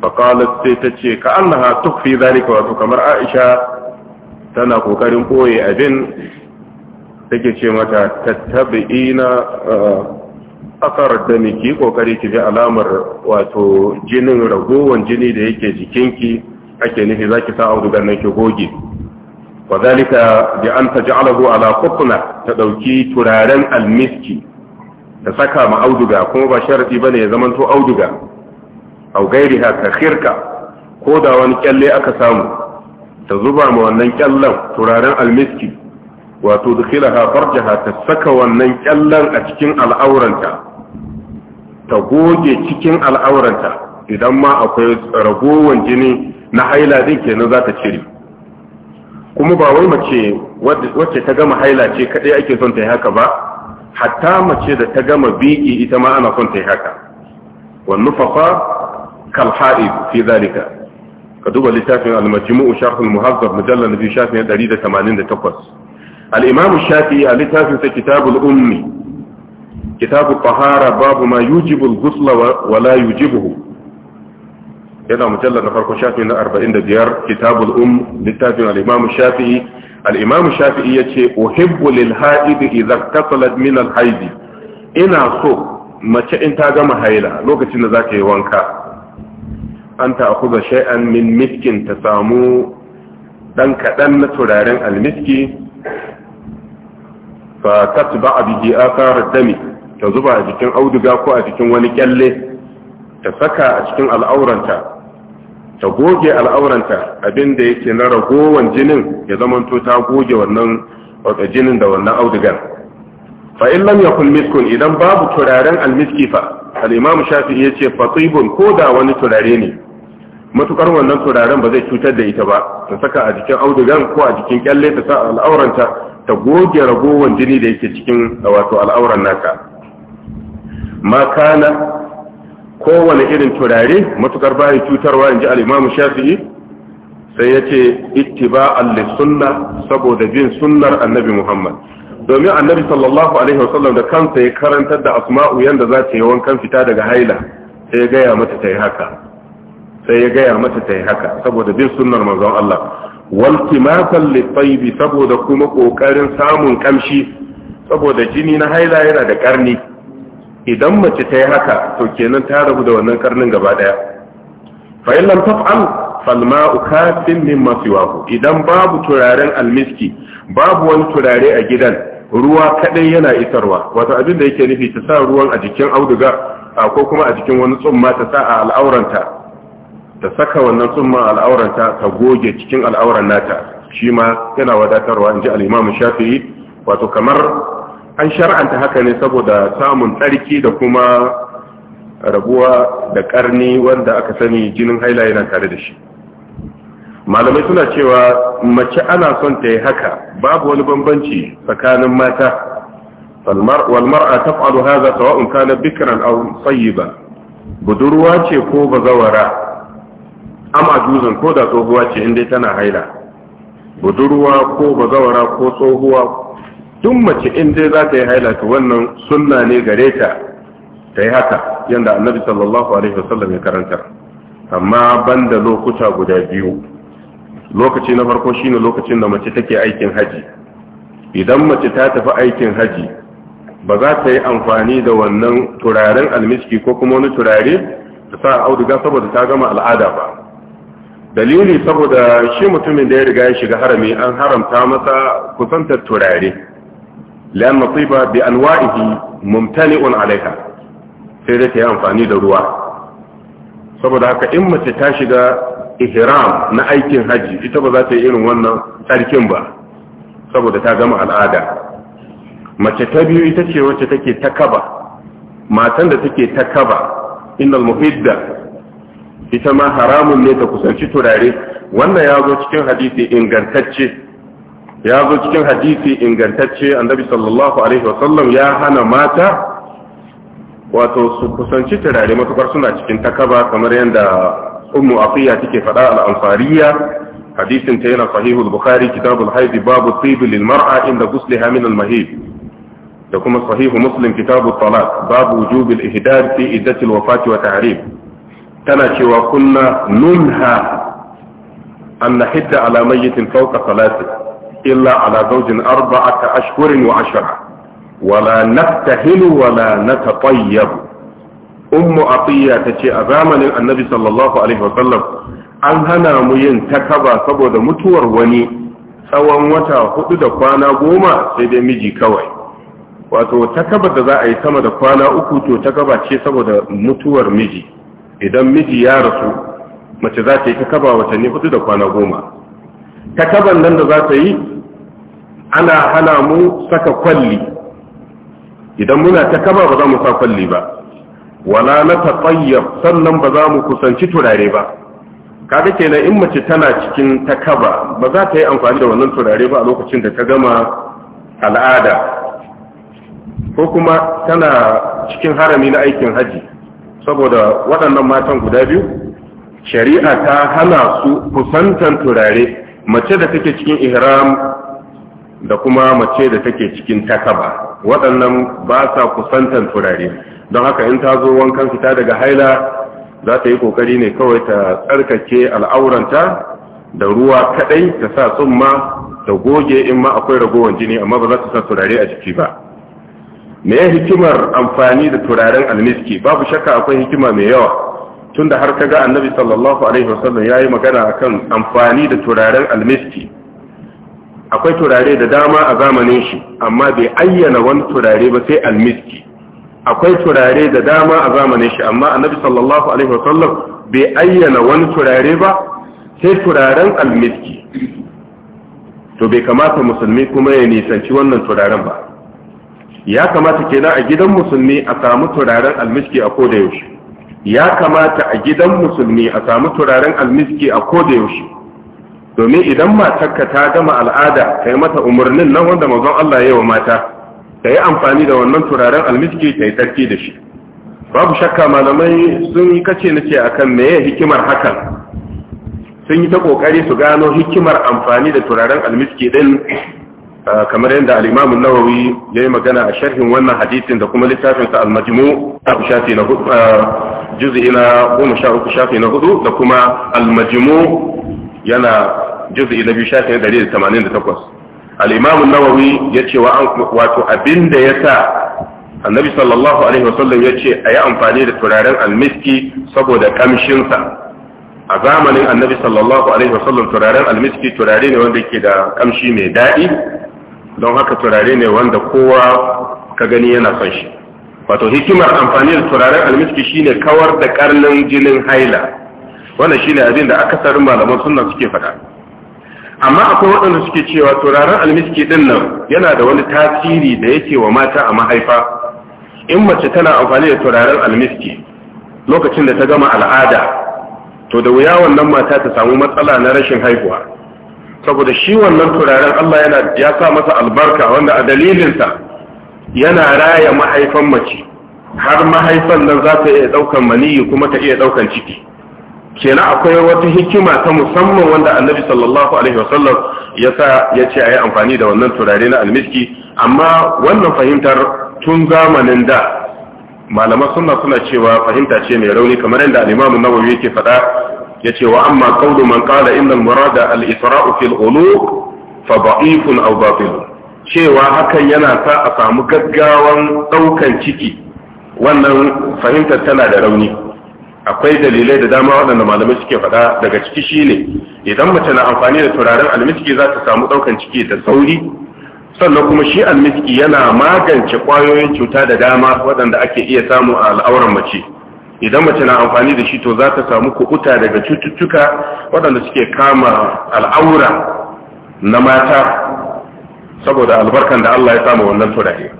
faƙalar sai ta ce ka an na tukfi wato kamar aisha tana ƙoƙarin ɓoye abin take ce mata tattabi na ƙasar da miki ƙoƙari ki ji alamar wato jinin ragowar jini da yake jikinki ake nufi za ki sa audugar nan ki goge wa zalika bi an taj'alahu ala qutna ta ɗauki turaren almiski da saka ma auduga kuma ba ba ne ya zamanto auduga au gairiha ka ko da wani kyalle aka samu ta zuba ma wannan kyallen turaren almiski wato dukhilaha farjaha ta saka wannan kyallen a cikin al'auranta ta goge cikin al'auranta idan ma akwai ragowan jini na haila din kenan za ta cire kuma ba wai mace wacce ta gama haila ce kadai ake son ta yi haka ba hatta mace da ta gama biki ita ma ana son ta yi haka wannan fafa kalha'id fi zalika ka duba littafin al-majmu'u sharh al-muhazzab shafin 188 al-imam shafi'i a littafin sa kitabul ummi kitabut tahara babu ma yujibu al-ghusla wa yana na shafin na 45 kitabul um littafin al-imam shafi'i ya ce shafi'i yace uhibbu lil-ha'id idha min ina so mace in ta gama haila lokacin da za ta yi wanka an ta'khudha shay'an min miskin ta samu dan kadan na turaren almiski fa tatba bihi athar dami ta zuba a cikin auduga ko a cikin wani kyalle ta saka a cikin al'auranta ta goge al'auranta abinda yake na ragowan jinin ya zamanto ta goge wannan wata jinin da wannan fa in lam ya miskun idan babu turaren almiski fa al'imamu shafi ya ce fatibun ko da wani turare ne matukar wannan turaren ba zai cutar da ita ba ta saka a jikin audugan ko a jikin kyalle ta sa al'auranta ta goge ragowar jini da yake cikin wato al'auran naka ma kana kowane irin turare matukar bayan cutarwa in ji al'imamu shafi'i sai ya ce ittiba sunna saboda bin sunnar annabi muhammad domin annabi sallallahu alaihi wasallam da kansa ya karantar da asma'u yanda za ta yi wankan fita daga haila sai ya gaya mata ta yi haka sai ya gaya mata ta yi haka saboda bin sunnar manzon Allah waltimatan litayyib saboda kuma kokarin samun kamshi saboda jini na haila yana da karni idan mace ta yi haka to kenan ta rabu da wannan karnin gaba daya fa in lam taf'al fal ma'u kafin mimma siwahu idan babu turaren almiski babu wani turare a gidan ruwa kadai yana isarwa wato abin da yake nufi ta sa ruwan a jikin auduga ko kuma a jikin wani tsumma ta sa a al'auranta ta saka wannan tsumman al'auranta ta goge cikin al'auran nata shi ma yana wadatarwa in ji al'imamu shafi'i wato kamar an shar'anta haka ne saboda samun tsarki da kuma rabuwa da karni wanda aka sani jinin haila yana tare da shi malamai suna cewa mace ana son ta yi haka babu wani bambanci tsakanin mata walmar'a taf'alu hadha sawa'un kana bikran aw ba. budurwa ce ko bazawara amma juzun ko da tsohuwa ce inda tana haila budurwa ko bazawara ko tsohuwa duk mace inda za ta yi haila to wannan sunna ne gare ta ta yi haka yadda annabi sallallahu alaihi wasallam ya karanta amma banda lokuta guda biyu lokaci na farko shine lokacin da mace take aikin haji idan mace ta tafi aikin haji ba za ta yi amfani da wannan turaren almiski ko kuma wani turare ta sa auduga saboda ta gama al'ada ba dalili saboda shi mutumin da ya riga ya shiga harami an haramta masa kusantar turare lan nasiba bi anwa'ihi mumtani'un alaiha sai da ta yi amfani da ruwa saboda haka in mace ta shiga ihram na aikin haji ita ba za ta yi irin wannan tsarkin ba saboda ta gama al'ada mace ta biyu ita ce wacce take ta matan da take ta kaba innal muhidda ita ma haramun ne ta kusanci turare wannan ya zo cikin hadisi ingantacce ya zo cikin hadisi ingantacce annabi sallallahu alaihi wasallam ya hana mata wato su kusanci turare matukar suna cikin takaba kamar yadda ummu afiya take faɗa al-ansariya hadisin ta yana sahihu bukhari kitabul haid babu tib lil mar'a inda ghusliha min al da kuma sahihu muslim kitabut talaq babu wujub al-ihdar fi iddati al-wafati wa ta'rib tana cewa kunna nunha an nahidda ala mayyitin fawqa salati illa ala zawjin arba'ata ashhurin wa ashara wala naftahilu wala natatayyab ummu atiya tace a zamanin annabi sallallahu alaihi wa sallam an hana mu yin takaba saboda mutuwar wani tsawon wata hudu da kwana goma sai dai miji kawai wato takaba da za a yi sama da kwana uku to takaba ce saboda mutuwar miji idan miji ya rasu mace za ta yi takaba watanni hudu da kwana goma takaban nan da za ta yi ana hana mu saka kwalli idan muna takaba ba za mu sa kwalli ba wala na taɓayyar sannan ba za mu kusanci turare ba kaga kenan in mace tana cikin takaba ba za ta yi amfani da wannan turare ba a lokacin da ta gama al'ada ko kuma tana cikin harami na aikin haji saboda waɗannan matan guda biyu shari'a ta hana su kusantan turare mace da take cikin ihram da kuma mace da take cikin takaba waɗannan ba sa kusantan turare don haka in ta zo wankan fita daga haila za ta yi kokari ne kawai ta tsarkake al'auranta da ruwa kadai ta sa tsumma ta goge in ma akwai ragowar jini amma ba za ta sa turare a jiki ba me ya hikimar amfani da turaren almiski babu shakka akwai hikima mai yawa tunda har kaga annabi sallallahu alaihi wasallam yayi magana akan amfani da turaren almiski akwai turare da dama a zamanin shi amma bai ayyana wani turare ba sai almiski akwai turare da dama a zamanin shi amma annabi sallallahu alaihi wasallam bai ayyana wani turare ba sai turaren almiski to bai kamata musulmi kuma ya nisanci wannan turaren ba ya kamata kenan a gidan musulmi a samu turaren almiski a koda yaushe ya kamata a gidan musulmi a samu turaren almiski a koda yaushe domin idan matarka ta gama al'ada kai mata umarnin nan wanda mazan Allah ya yi wa mata ta yi amfani da wannan turaren almiski ta yi tarki da shi babu shakka malamai sun yi kace a akan meye hikimar hakan sun yi ta kokari su gano hikimar amfani da turaren almiski din kamar yadda al-Imam an-Nawawi yayi magana a sharhin wannan hadisin da kuma littafin sa al-Majmu' shafi na hudu juz'i na 13 shafi na hudu da kuma al-Majmu' yana juz'i na biyu shafi na 188 al-Imam an-Nawawi yace wa wato abinda yasa Annabi sallallahu alaihi wasallam yace ayi amfani da turaren al-miski saboda kamshin sa a zamanin Annabi sallallahu alaihi wasallam turaren al-miski turare ne wanda yake da kamshi mai dadi don haka turare ne wanda kowa ka gani yana son shi wato hikimar amfani da turaren almiski shine kawar da karnin jinin haila wannan shine abin da akasarin malaman sunna suke faɗa amma akwai waɗanda suke cewa turaren almiski din nan yana da wani tasiri da yake wa mata a mahaifa in mace tana amfani da turaren almiski lokacin da ta gama al'ada to da wuya wannan mata ta samu matsala na rashin haihuwa saboda shi wannan turaren Allah yana ya sa masa albarka wanda a dalilinsa yana raya mahaifan mace har mahaifan nan za ta iya ɗaukan maniyi kuma ta iya ɗaukan ciki kenan akwai wata hikima ta musamman wanda annabi sallallahu alaihi wasallam ya sa ya ce a yi amfani da wannan turare na almiski amma wannan fahimtar tun zamanin da malaman suna suna cewa fahimta ce mai rauni kamar yadda al'imamu nawawi yake faɗa yace wa amma qawlu man qala inna al-murada al-isra'u fil ulu fa da'ifun aw batil cewa hakan yana sa a samu gaggawan daukan ciki wannan fahimtar tana da rauni akwai dalilai da dama waɗanda malamai suke faɗa daga ciki shine idan mace na amfani da turaren almiski za ta samu ɗaukan ciki da sauri sannan kuma shi almiski yana magance ƙwayoyin cuta da dama waɗanda ake iya samu a al'auran mace idan mace na amfani da shi to za ta samu kuɓuta daga cututtuka waɗanda suke kama al'aura na mata saboda albarkan da Allah ya samu wannan turare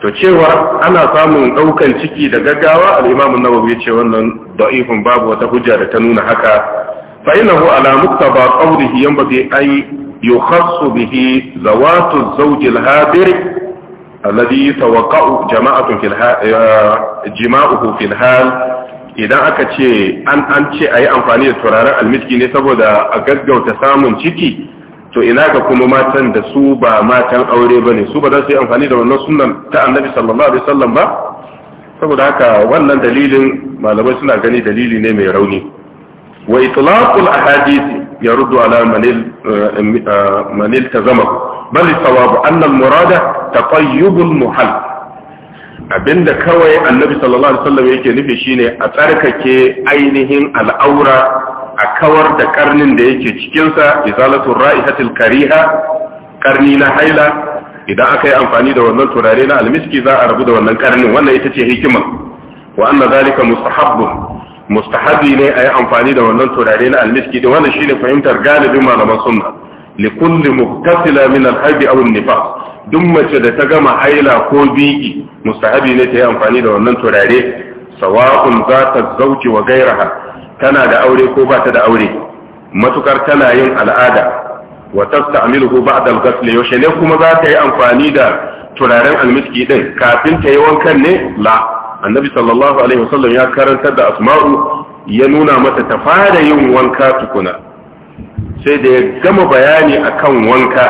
to cewa ana samun ɗaukan ciki da gaggawa al'imamun na ya ce wannan da'ifin babu wata hujja da ta nuna haka fa'inahu ala muktaba ba zai ay yukhassu bihi zawatu zawji hadir alladhi tawaqqa'u jama'atun fil jima'uhu fil hal idan aka ce an ce a yi amfani da turaren almiski ne saboda a gaggauta samun ciki to ina ga kuma matan da su ba matan aure ba ne su ba za su yi amfani da wannan sunan ta annabi sallallahu alaihi sallam ba saboda haka wannan dalilin malamai suna gani dalili ne mai rauni wa itlaqul ahadith yaruddu ala manil eh, eh, manil tazama bal sawabu anna al murada taqayyubul muhall abinda kawai annabi sallallahu alaihi wasallam yake nufi shine a tsarkake ainihin al'aura a kawar da karnin da yake cikinsa izalatu ra'ihatil kariha karni na haila idan aka yi amfani da wannan turare na almiski za a rabu da wannan karnin wannan ita ce hikima wa anna zalika mustahabbun mustahabi ne a yi amfani da wannan turare na almiski da wannan shine fahimtar galibin malaman sunna li kulli muktasila min al-haidi aw an duk mace da ta gama haila ko biki mustahabi ne ta yi amfani da wannan turare sawa'un za ta zauki wa gairaha tana da aure ko ba ta da aure matukar tana yin al'ada wa tasta'miluhu ba'da al-ghusl yaushe ne kuma za ta yi amfani da turaren almiski din kafin ta yi wankan ne la annabi sallallahu alaihi wasallam ya karantar da asma'u ya nuna mata ta fara yin wanka tukuna sai da ya gama bayani a kan wanka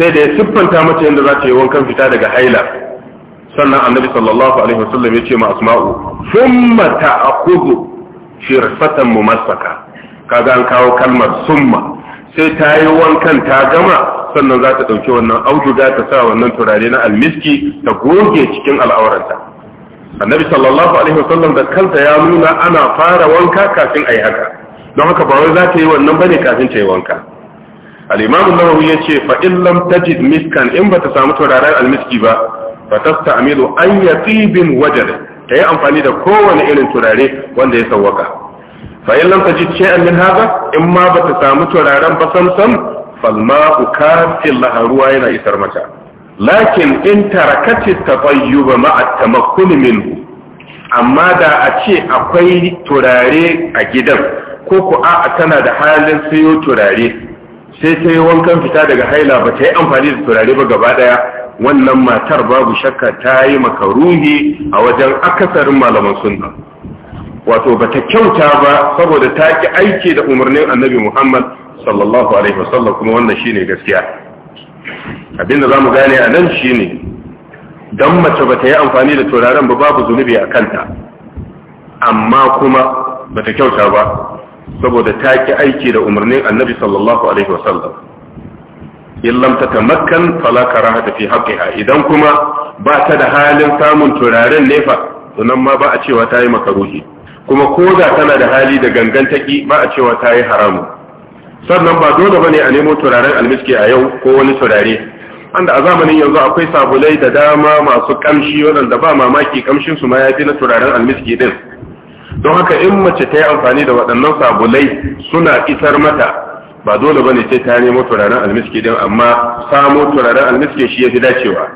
sai da ya siffanta mace yadda za ta yi wankan fita daga haila sannan annabi sallallahu alaihi wasallam ya ce ma asma'u summa ta'khudhu shirfatan masaka. kaga an kawo kalmar summa sai ta yi wankan ta gama sannan za ta ɗauki wannan auduga ta sa wannan turare na almiski ta goge cikin al'auranta annabi sallallahu alaihi wasallam da kanta ya nuna ana fara wanka kafin a yi haka don haka ba wai za ta yi wannan bane kafin ta yi wanka al-imam an-nawawi yace fa in lam tajid miskan in bata samu turaren almiski ba fa tasta'milu an tsibin wajen ta yi amfani da kowane irin turare wanda ya sawwaka fa in lam tajid shay'an min in ma ba ta samu turaren ba samsam fal ma'u kafin laharuwa yana isar mata lakin in tarakat at-tayyub ma'a at minhu amma da a ce akwai turare a gidan ko ku a'a tana da halin sayo turare sai ta yi wankan fita daga haila ba ta yi amfani da turare ba gaba daya wannan matar babu shakka ta yi makaruhi a wajen akasarin malaman sunna wato ba ta kyauta ba saboda ta ki aiki da umarnin annabi muhammad sallallahu alaihi wasallam kuma wannan shine gaskiya abinda za mu gane a nan shine don mace ba ta yi amfani da turaren ba babu zunubi a kanta amma kuma ba ta kyauta ba saboda ta ki aiki da umarnin annabi sallallahu alaihi wasallam in lam tatamakkan fala ta fi haqqiha idan kuma ba ta da halin samun turaren nefa to ma ba a cewa ta yi makaruhi kuma ko da tana da hali da gangantaki ba a cewa ta yi haramu sannan ba dole bane a nemo turaren almiski a yau ko wani turare wanda a zamanin yanzu akwai sabulai da dama masu kamshi waɗanda ba mamaki kamshin su ma ya fi na turaren almiski din don haka in mace ta yi amfani da waɗannan sabulai suna isar mata ba dole ba ne sai ta nemo turaren almiski din amma samo turaren almiski shi ya fi dacewa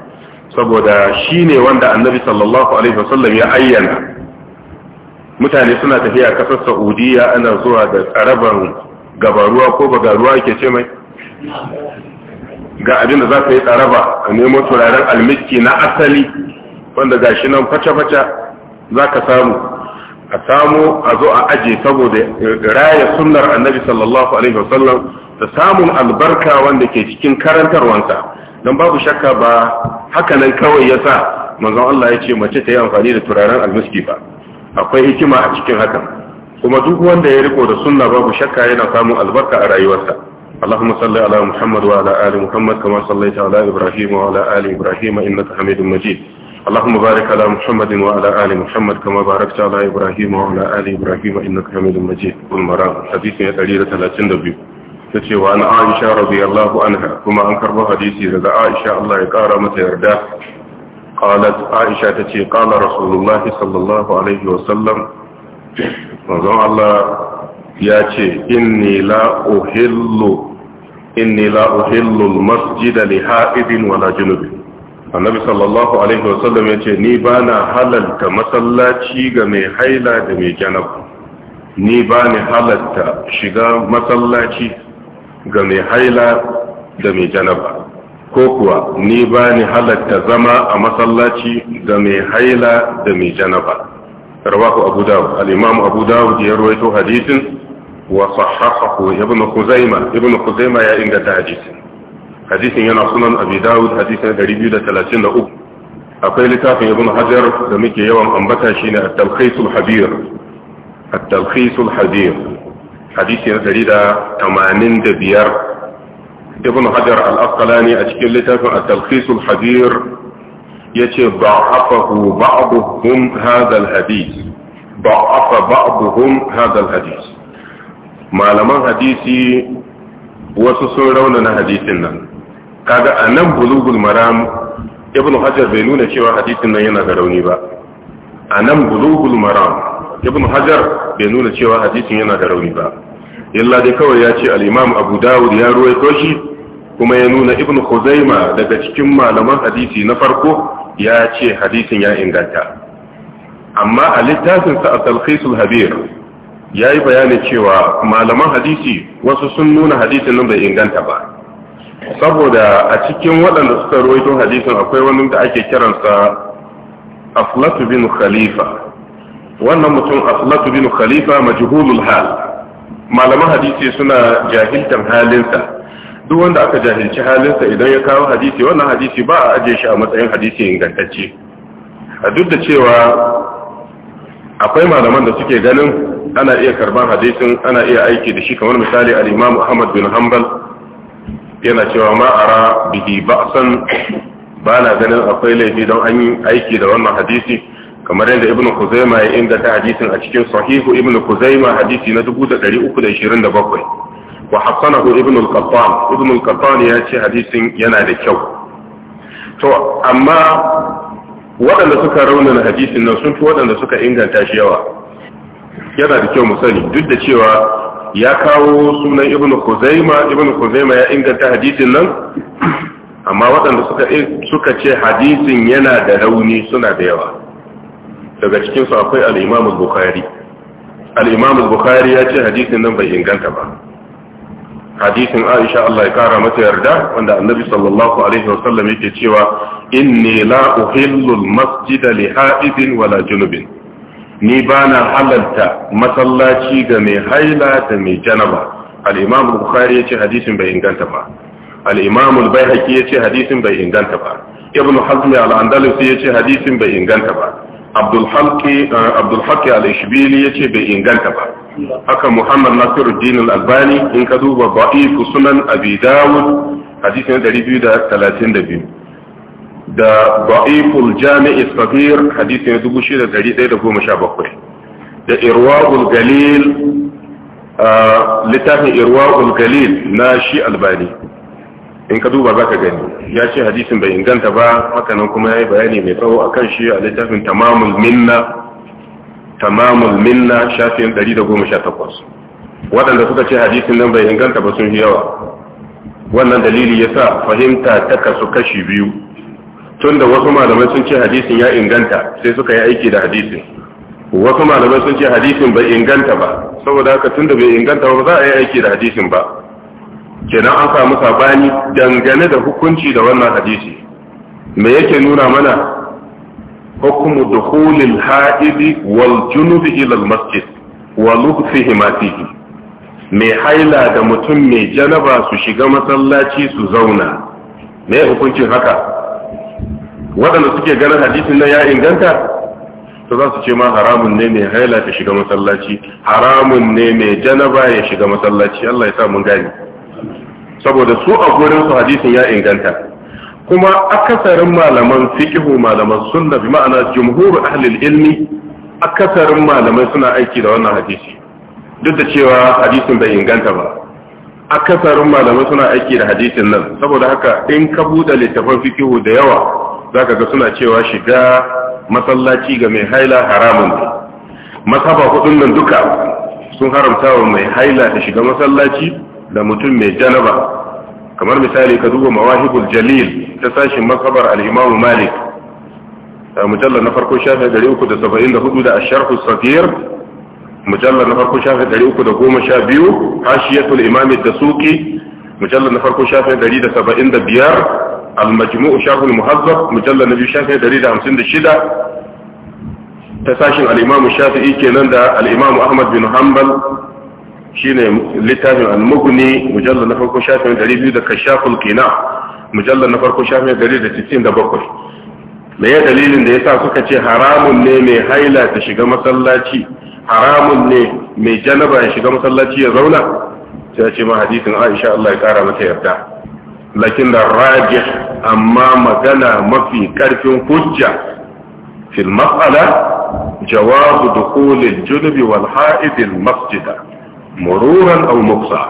saboda shi ne wanda annabi sallallahu alaihi wasallam ya ayyana mutane suna tafiya kasar saudiya ana zuwa da tsaraban gabaruwa ko bagaruwa ke ce mai ga abin da za ka yi tsaraba a nemo turaren almiski na asali wanda shi nan faca-faca za ka samu a samu a zo a aje saboda raya sunnar annabi sallallahu alaihi wasallam da samun albarka wanda ke cikin karantarwansa don babu shakka ba haka nan kawai ya sa manzon Allah ya ce mace ta yi amfani da turaren almuski ba akwai hikima a cikin hakan kuma duk wanda ya riko da sunna babu shakka yana samun albarka a rayuwarsa اللهم صل على محمد وعلى آل محمد كما صليت على إبراهيم وعلى آل إبراهيم إنك حميد مجيد اللهم بارك على محمد وعلى ال محمد كما باركت على ابراهيم وعلى ال ابراهيم انك حميد مجيد والمرام حديث 132 tace wa na Aisha radiyallahu anha kuma an karbo hadisi daga Aisha Allah ya kara mata yarda qalat Aisha tace qala rasulullahi sallallahu alaihi wa sallam wazo Allah ya ce inni la uhillu inni la uhillu al masjida li ha'ibin wa annabi sallallahu alaihi wasallam ya ce ni ba na halalta masallaci ga mai haila da mai janaba ni ba ni halalta shiga masallaci ga mai haila da mai janaba ko kuwa ni ba ni halalta zama a masallaci ga mai haila da mai janaba rawahu abu dawud al-imam abu dawud ya rawaito hadisin wa sahahahu ibn khuzaimah ibn khuzaimah ya inganta hadisin hadisin yana sunan abi dawud hadisin 233 akwai littafin ibn hajar da muke yawan ambata shine at-talkhisul habir at-talkhisul habir hadisi na 185 ibn hajar al-asqalani a cikin littafin at-talkhisul habir yace ba'afahu ba'dhum hadha al-hadith ba'afa ba'dhum hadha al-hadith malaman hadisi wasu sun raunana hadisin nan kaga a nan bulugul maram Ibnu hajar bai nuna cewa hadisin nan yana da rauni ba a nan bulugul maram ibnu hajar bai nuna cewa hadisin yana da rauni ba illa dai kawai ya ce al-imam abu dawud ya ruwaito shi kuma ya nuna ibnu khuzaima daga cikin malaman hadisi na farko ya ce hadisin ya inganta amma a littafinsa a talkhisul habir ya yi bayanin cewa malaman hadisi wasu sun nuna hadisin nan bai inganta ba saboda a cikin waɗanda suka ruwaito hadisin akwai wani da ake kiransa aflatu bin khalifa wannan mutum aflatu bin khalifa majhulul hal malaman hadisi suna jahiltan halinsa duk wanda aka jahilci halinsa idan ya kawo hadisi wannan hadisi ba a aje shi a matsayin hadisi ingantacce a duk da cewa akwai malaman da suke ganin ana iya karban hadisin ana iya aiki da shi kamar misali al-imam Ahmad bin Hanbal yana cewa ma ara bihi ba'san ba na ganin akwai laifi don an yi aiki da wannan hadisi kamar yadda ibnu kuzaima ya inganta hadisin a cikin sahihu ibnu kuzaima hadisi na 327 wa hasanahu ibnu al-qattan ibnu al-qattan ya ce hadisin yana da kyau to amma waɗanda suka raunin hadisin nan sun fi waɗanda suka inganta shi yawa yana da kyau mu sani duk da cewa ya kawo sunan ibn Khuzaima ibn Khuzaima ya inganta hadisin nan amma waɗanda suka suka ce hadisin yana da rauni suna da yawa daga cikin su akwai al-Imam al-Bukhari al-Imam al-Bukhari ya ce hadisin nan bai inganta ba hadisin Aisha Allah ya kara mata yarda wanda Annabi sallallahu alaihi wasallam yake cewa inni la uhillu al-masjida li ha'idin wala junubin ni ba na halarta masallaci ga mai haila da mai janaba al'imam bukhari ya ce hadisin bai inganta ba al'imam al ya ce hadisin bai inganta ba ibn hazmi al-andalusi ya ce hadisin bai inganta ba abdulhaki eh, al-ishbili ya ce bai inganta ba haka muhammad Nasiru, al-albani in ka duba ba'ifu sunan abi dawud hadisin 232 da da'iful jami'i saghir hadisi na ɗaya da goma sha bakwai. Da irwaul galil littafin irwaul galil na shi albani in ka duba zaka gani ya ce hadisin bai inganta ba hakanan kuma ya yi bayani mai tsawo a kan shi a littafin tamamul minna tamamul minna shafin ɗari da goma sha takwas. waɗanda suka ce hadisin nan bai inganta ba sun yi yawa wannan dalili sa fahimta ta kasu kashi biyu tunda wasu malamai sun ce hadisin ya inganta sai suka yi aiki da hadisin wasu malamai sun ce hadisin bai inganta ba saboda haka da bai inganta ba za a yi aiki da hadisin ba kenan an samu sabani dangane da hukunci da wannan hadisi me yake nuna mana hukumu dukhulil haidi wal junubi ila al masjid wa lukfihi ma fihi mai haila da mutum mai janaba su shiga masallaci su zauna me hukuncin haka waɗanda suke ganin hadisin nan ya inganta to za su ce ma haramun ne mai haila ta shiga masallaci haramun ne mai janaba ya shiga masallaci Allah ya sa mun gani saboda su a gurin su hadisin ya inganta kuma akasarin malaman fiqhu malaman sunna bi ma'ana jumhur ahli ilmi akasarin malamai suna aiki da wannan hadisi duk da cewa hadisin bai inganta ba akasarin malamai suna aiki da hadisin nan saboda haka in ka bude littafin fikihu da yawa zaka ga suna cewa shiga masallaci ga mai haila haramun ne masaba hudun nan duka sun haramta wa mai haila da shiga masallaci da mutum mai janaba kamar misali ka duba mawahibul jalil ta sashin masabar al-imam malik mujallar na farko shafi 374 da asharhu safir mujallar na farko shafi 312 hashiyatul imam ad-dasuki mujallar na farko shafi 175 al-majmu'u sharhul muhazzab mujallal nabi shafi 156 ta sashin al-imamu kenan da al-imamu ahmad bin hanbal shine littafin al-mughni mujallal na farko shafi 200 da kashaful qina mujallal na farko shafi 167 me ya dalilin da yasa kuka ce haramun ne mai haila ta shiga masallaci haramun ne mai janaba ya shiga masallaci ya zauna sai ce ma hadisin Aisha Allah ya kara mata yarda lakin da rajih amma magana mafi ƙarfin hujja fil mas'ala جواز junubi الجنب والحائض masjida. Mururan او مقصا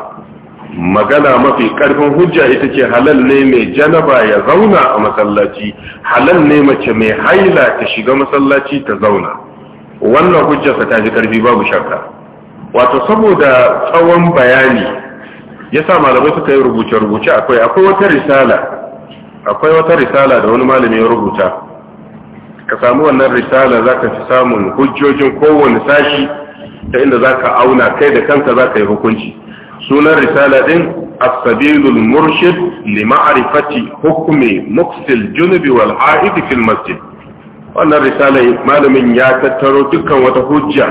magana mafi ƙarfin hujja ita ce halal ne mai janaba ya zauna a masallaci halal ne mace mai haila ta shiga masallaci ta zauna wannan hujjarsa ta ji karfi babu shakka wato saboda tsawon bayani yasa malamai suka yi rubuce-rubuce akwai akwai wata risala akwai wata risala da wani malami ya rubuta ka samu wannan risala ka fi samun hujjojin kowane sashi ta inda zaka auna kai da kanka zaka yi hukunci sunan risala din asabilul murshid li ma'arifati hukmi muksil junubi wal ha'id fil masjid wannan risala malamin ya tattaro dukkan wata hujja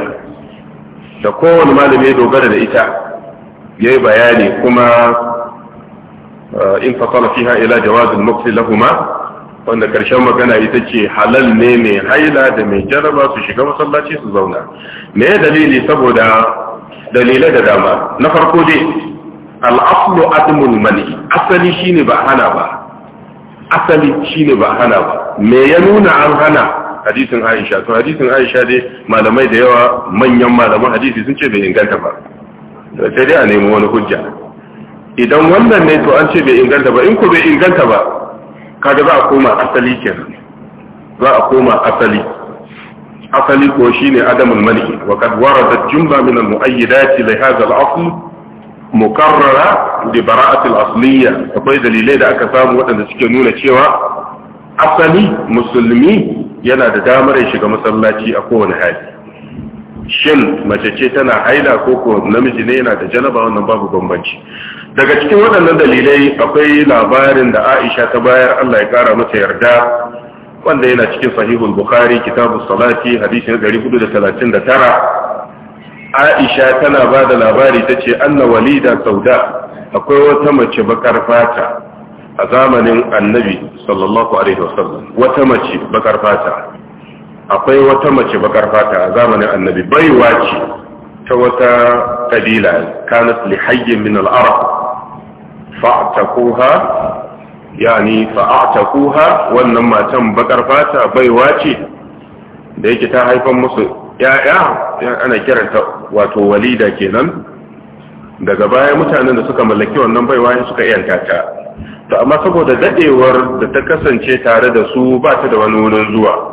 da kowane malami ya dogara da ita yayi bayani kuma eh, in fasala fiha ila jawazul muqsi lahuma wanda karshen magana ita ce halal ne mai haila da mai jaraba su shiga masallaci su zauna me ya dalili saboda dalilai da dama na farko dai al'aslu admul mani asali shine ba hana ba asali shine ba hana ba me ya nuna an hana hadisin Aisha to hadisin Aisha dai malamai da yawa manyan malaman hadisi sun ce bai inganta ba sai dai a nemi wani hujja idan wannan ne to an ce bai inganta ba in ko bai inganta ba kaga za a koma asali kenan za a koma asali asali ko shine adamun mani wa kad warada jumla min al muayyidati li hadha al asl mukarrara li bara'ati al asliya akwai dalilai da aka samu waɗanda suke nuna cewa asali musulmi yana da damar ya shiga masallaci a kowane hali shin mace ce tana haila ko ko namiji ne yana da janaba wannan babu bambanci daga cikin waɗannan dalilai akwai labarin da Aisha ta bayar Allah ya kara mata yarda wanda yana cikin sahihul bukhari kitabu salati hadisi 439 Aisha tana ba da labari ta ce anna walida sauda akwai wata mace bakar fata a zamanin annabi sallallahu alaihi wasallam wata mace bakar fata akwai wata mace bakar fata a zamanin annabi baiwa ce ta wata kabila kanat li hayyin min al-arab fa'taquha yani fa'taquha wannan matan bakar fata baiwa ce da yake ta haifan musu ya'ya ana kiranta wato walida kenan daga baya mutanen da suka mallaki wannan baiwa suka iyanta ta to amma saboda dadewar da ta kasance tare da su ba ta da wani wurin zuwa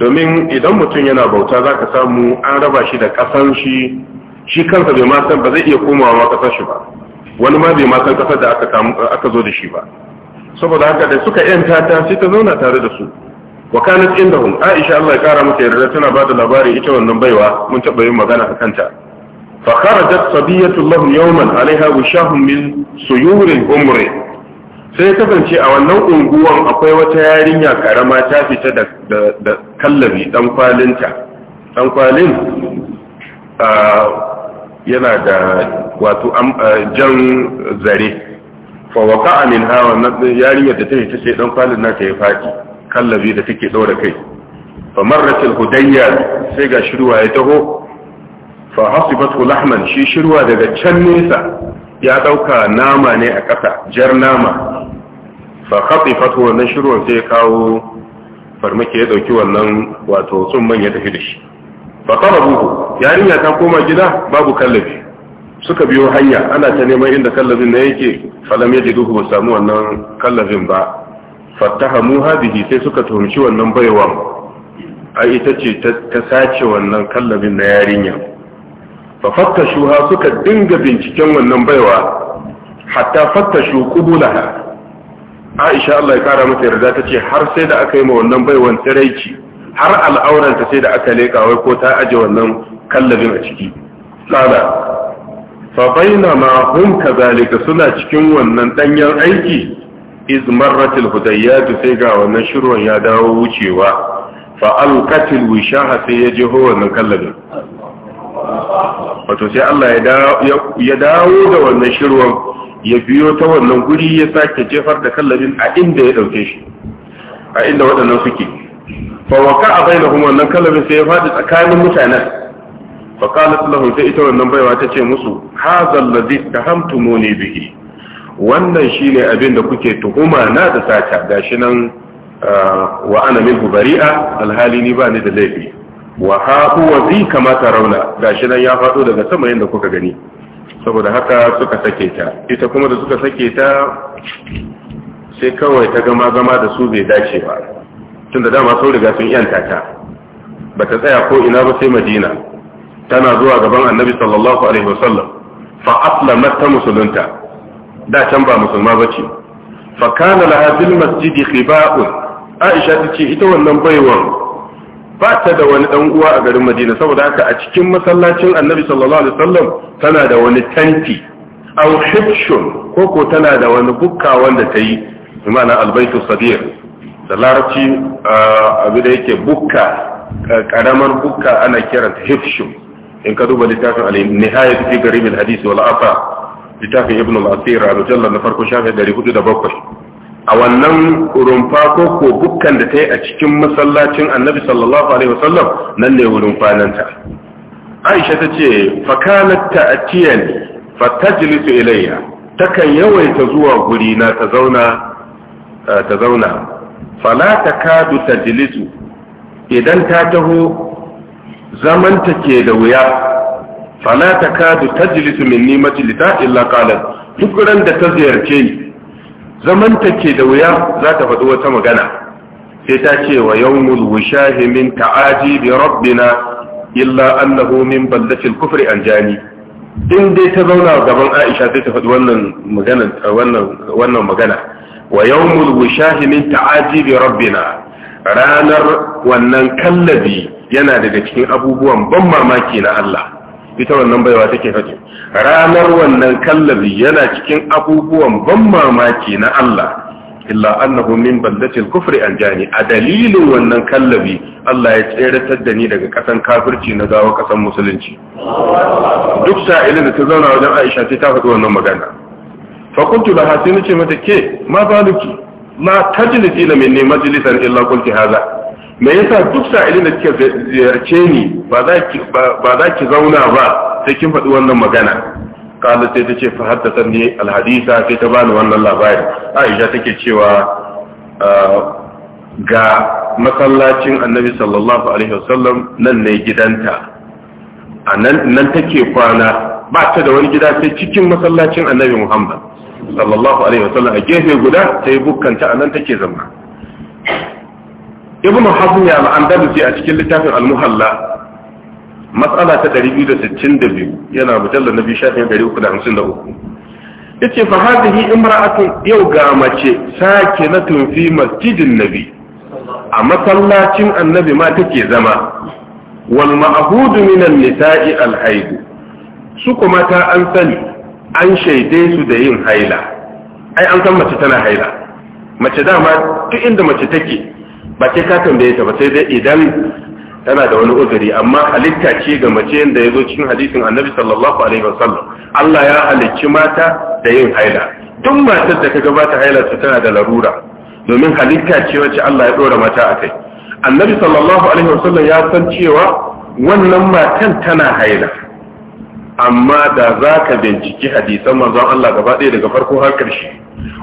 domin idan mutum yana bauta za ka samu an raba shi da ƙasan shi shi kansa bai san ba zai iya komawa ma ƙasar shi ba wani ma bai san ƙasar da aka zo da shi ba saboda haka da suka yanta ta sai ta zauna tare da su wa kanat indahum aisha Allah ya kara mata yarda tana bada labari ita wannan baiwa mun taba yin magana a kanta fa kharajat sabiyatu yawman alaiha wishahum min suyurin umri sai kasance a wannan unguwan akwai wata yarinya karama ta fita da kallabi dan kwalinta dan kwalin yana da wato jan zare fa waqa'a minha wannan yarinya da take tace dan kwalin nata ya faki kallabi da take daura kai fa marrat al-hudayya sai ga shirwa ya taho fa hasibatu lahman shi shirwa daga can nesa ya ɗauka nama ne a kasa jar nama fa kafi wannan shiruwan sai ya kawo farmaki ya ɗauki wannan wato tsumman ya tafi da shi fa buhu yarinya ta koma gida babu kallabi. suka biyo hanya ana ta neman inda kallabin na yake falam ya jidu ba samu wannan kallabin ba fatahamu mu sai suka tuhumci wannan baiwan ai ita ce ta sace wannan kallabin na yarinya ha suka dinga binciken wannan baiwa hatta fattashu qubulaha Aisha Allah ya kara mata yarda tace har sai da aka yi ma wannan baiwan tsiraici har ta sai da aka leka wai ko ta aje wannan kallabin a ciki lala fa bainama hum kadhalika suna cikin wannan danyen aiki iz marratil hudayyat sai ga wannan shirwan ya dawo wucewa fa alqatil wishaha sai ya jeho wannan kallabin wato sai Allah ya dawo da wannan shirwan ya biyo ta wannan guri ya sake jefar da kallabin a inda ya dauke shi a inda waɗannan suke fa waka a bai da kuma wannan kallabin sai ya faɗi tsakanin mutanen fa qalat lahum sai ita wannan baiwa ta ce musu da hamtumo ne biki wannan shine abin da kuke tuhuma na da sata gashi nan ah, wa ana min bari'a alhali ni ba ni da laifi wa ha huwa zi kama tarawna gashi nan ya faɗo daga sama yadda kuka gani saboda haka suka sake ta ita kuma da suka sake ta sai kawai ta gama gama da su bai dace ba tunda dama sun riga sun yanta ta bata tsaya ko ina ba sai madina tana zuwa gaban annabi sallallahu alaihi wasallam fa aslamat ta musulunta da can ba musulma bace fa kana laha bil masjidi khiba'un aisha tace ita wannan baiwan ba ta da wani dan uwa a garin Madina saboda haka a cikin masallacin Annabi sallallahu alaihi wasallam tana da wani tanti aw hibshun ko ko tana da wani bukka wanda ta yi imana albaitu sadir da larabci abu da yake bukka karamar bukka ana kiranta hibshun in ka duba littafin al-nihayat fi garib al wal afa littafin ibn al-asir al-jalla na farko shafi 407 a wannan rumfa ko ko bukkan da ta yi a cikin masallacin annabi sallallahu alaihi wasallam nan ne wurin kwananta aisha ta ce fakanat a ne fatajlisu ilayya takan yawaita zuwa guri na ta zauna eh, ta zauna ta jilisu. idan ta taho zaman ke da wuya fala ta tajlisu min nimati lita illa qalat duk ran da ta ziyarce ni zaman take da wuya za ta faɗi wata magana sai ta ce wa yawmul wushahi min ta'aji bi rabbina illa annahu min kufri an jani in dai ta zauna gaban Aisha sai ta faɗi wannan magana wannan wannan wa min ta'aji bi rabbina ranar wannan kallabi yana daga cikin abubuwan ban mamaki na Allah ita wannan baiwa take ranar wannan kallabi yana cikin abubuwan ban mamaki na Allah illa annahu min baldatil kufri an jani a dalilin wannan kallabi Allah ya tseratar da ni daga kasan kafirci na gawo kasan musulunci duk sa'ilin da ta zauna wajen Aisha sai ta faɗi wannan magana fa kuntu la hasinu nace mata ke ma baluki ma tajlisi la min majlisan illa qulti hadha me yasa duk sa'ilin da kika ziyarce ni ba za ki ba za ki zauna ba sai kin faɗi wannan magana kala sai ta ce fa haddasa ni alhadisa sai ta bani wannan labarin aisha take cewa ah, ga masallacin annabi sallallahu alaihi wasallam nan ne gidanta a nan take kwana ba ta da wani gida sai cikin masallacin annabi muhammad sallallahu alaihi wasallam a gefe guda sai bukkanta a nan take zama ibn hazm ya al-andalusi a cikin littafin al-muhalla matsala ta 262 yana mujallal nabi shafin 353 yace fa hadhihi imra'atun yau ga mace sakinatun fi masjidin nabi a masallacin annabi ma take zama wal ma'hud min an-nisa'i al-haid su kuma ta an sani an shaide su da yin haila ai an san mace tana haila mace dama duk inda mace take ba sai ka tambaye ta ba sai dai idan tana da wani uzuri amma halitta ce ga mace yadda ya zo cikin hadisin annabi sallallahu alaihi wasallam Allah ya halicci mata da yin haila duk matar da kaga gabata haila su tana da larura domin halitta ce wacce Allah ya dora mata a kai annabi sallallahu alaihi wasallam ya san cewa wannan matan tana haila amma da za ka binciki hadisan manzon Allah gaba ɗaya daga farko har ƙarshe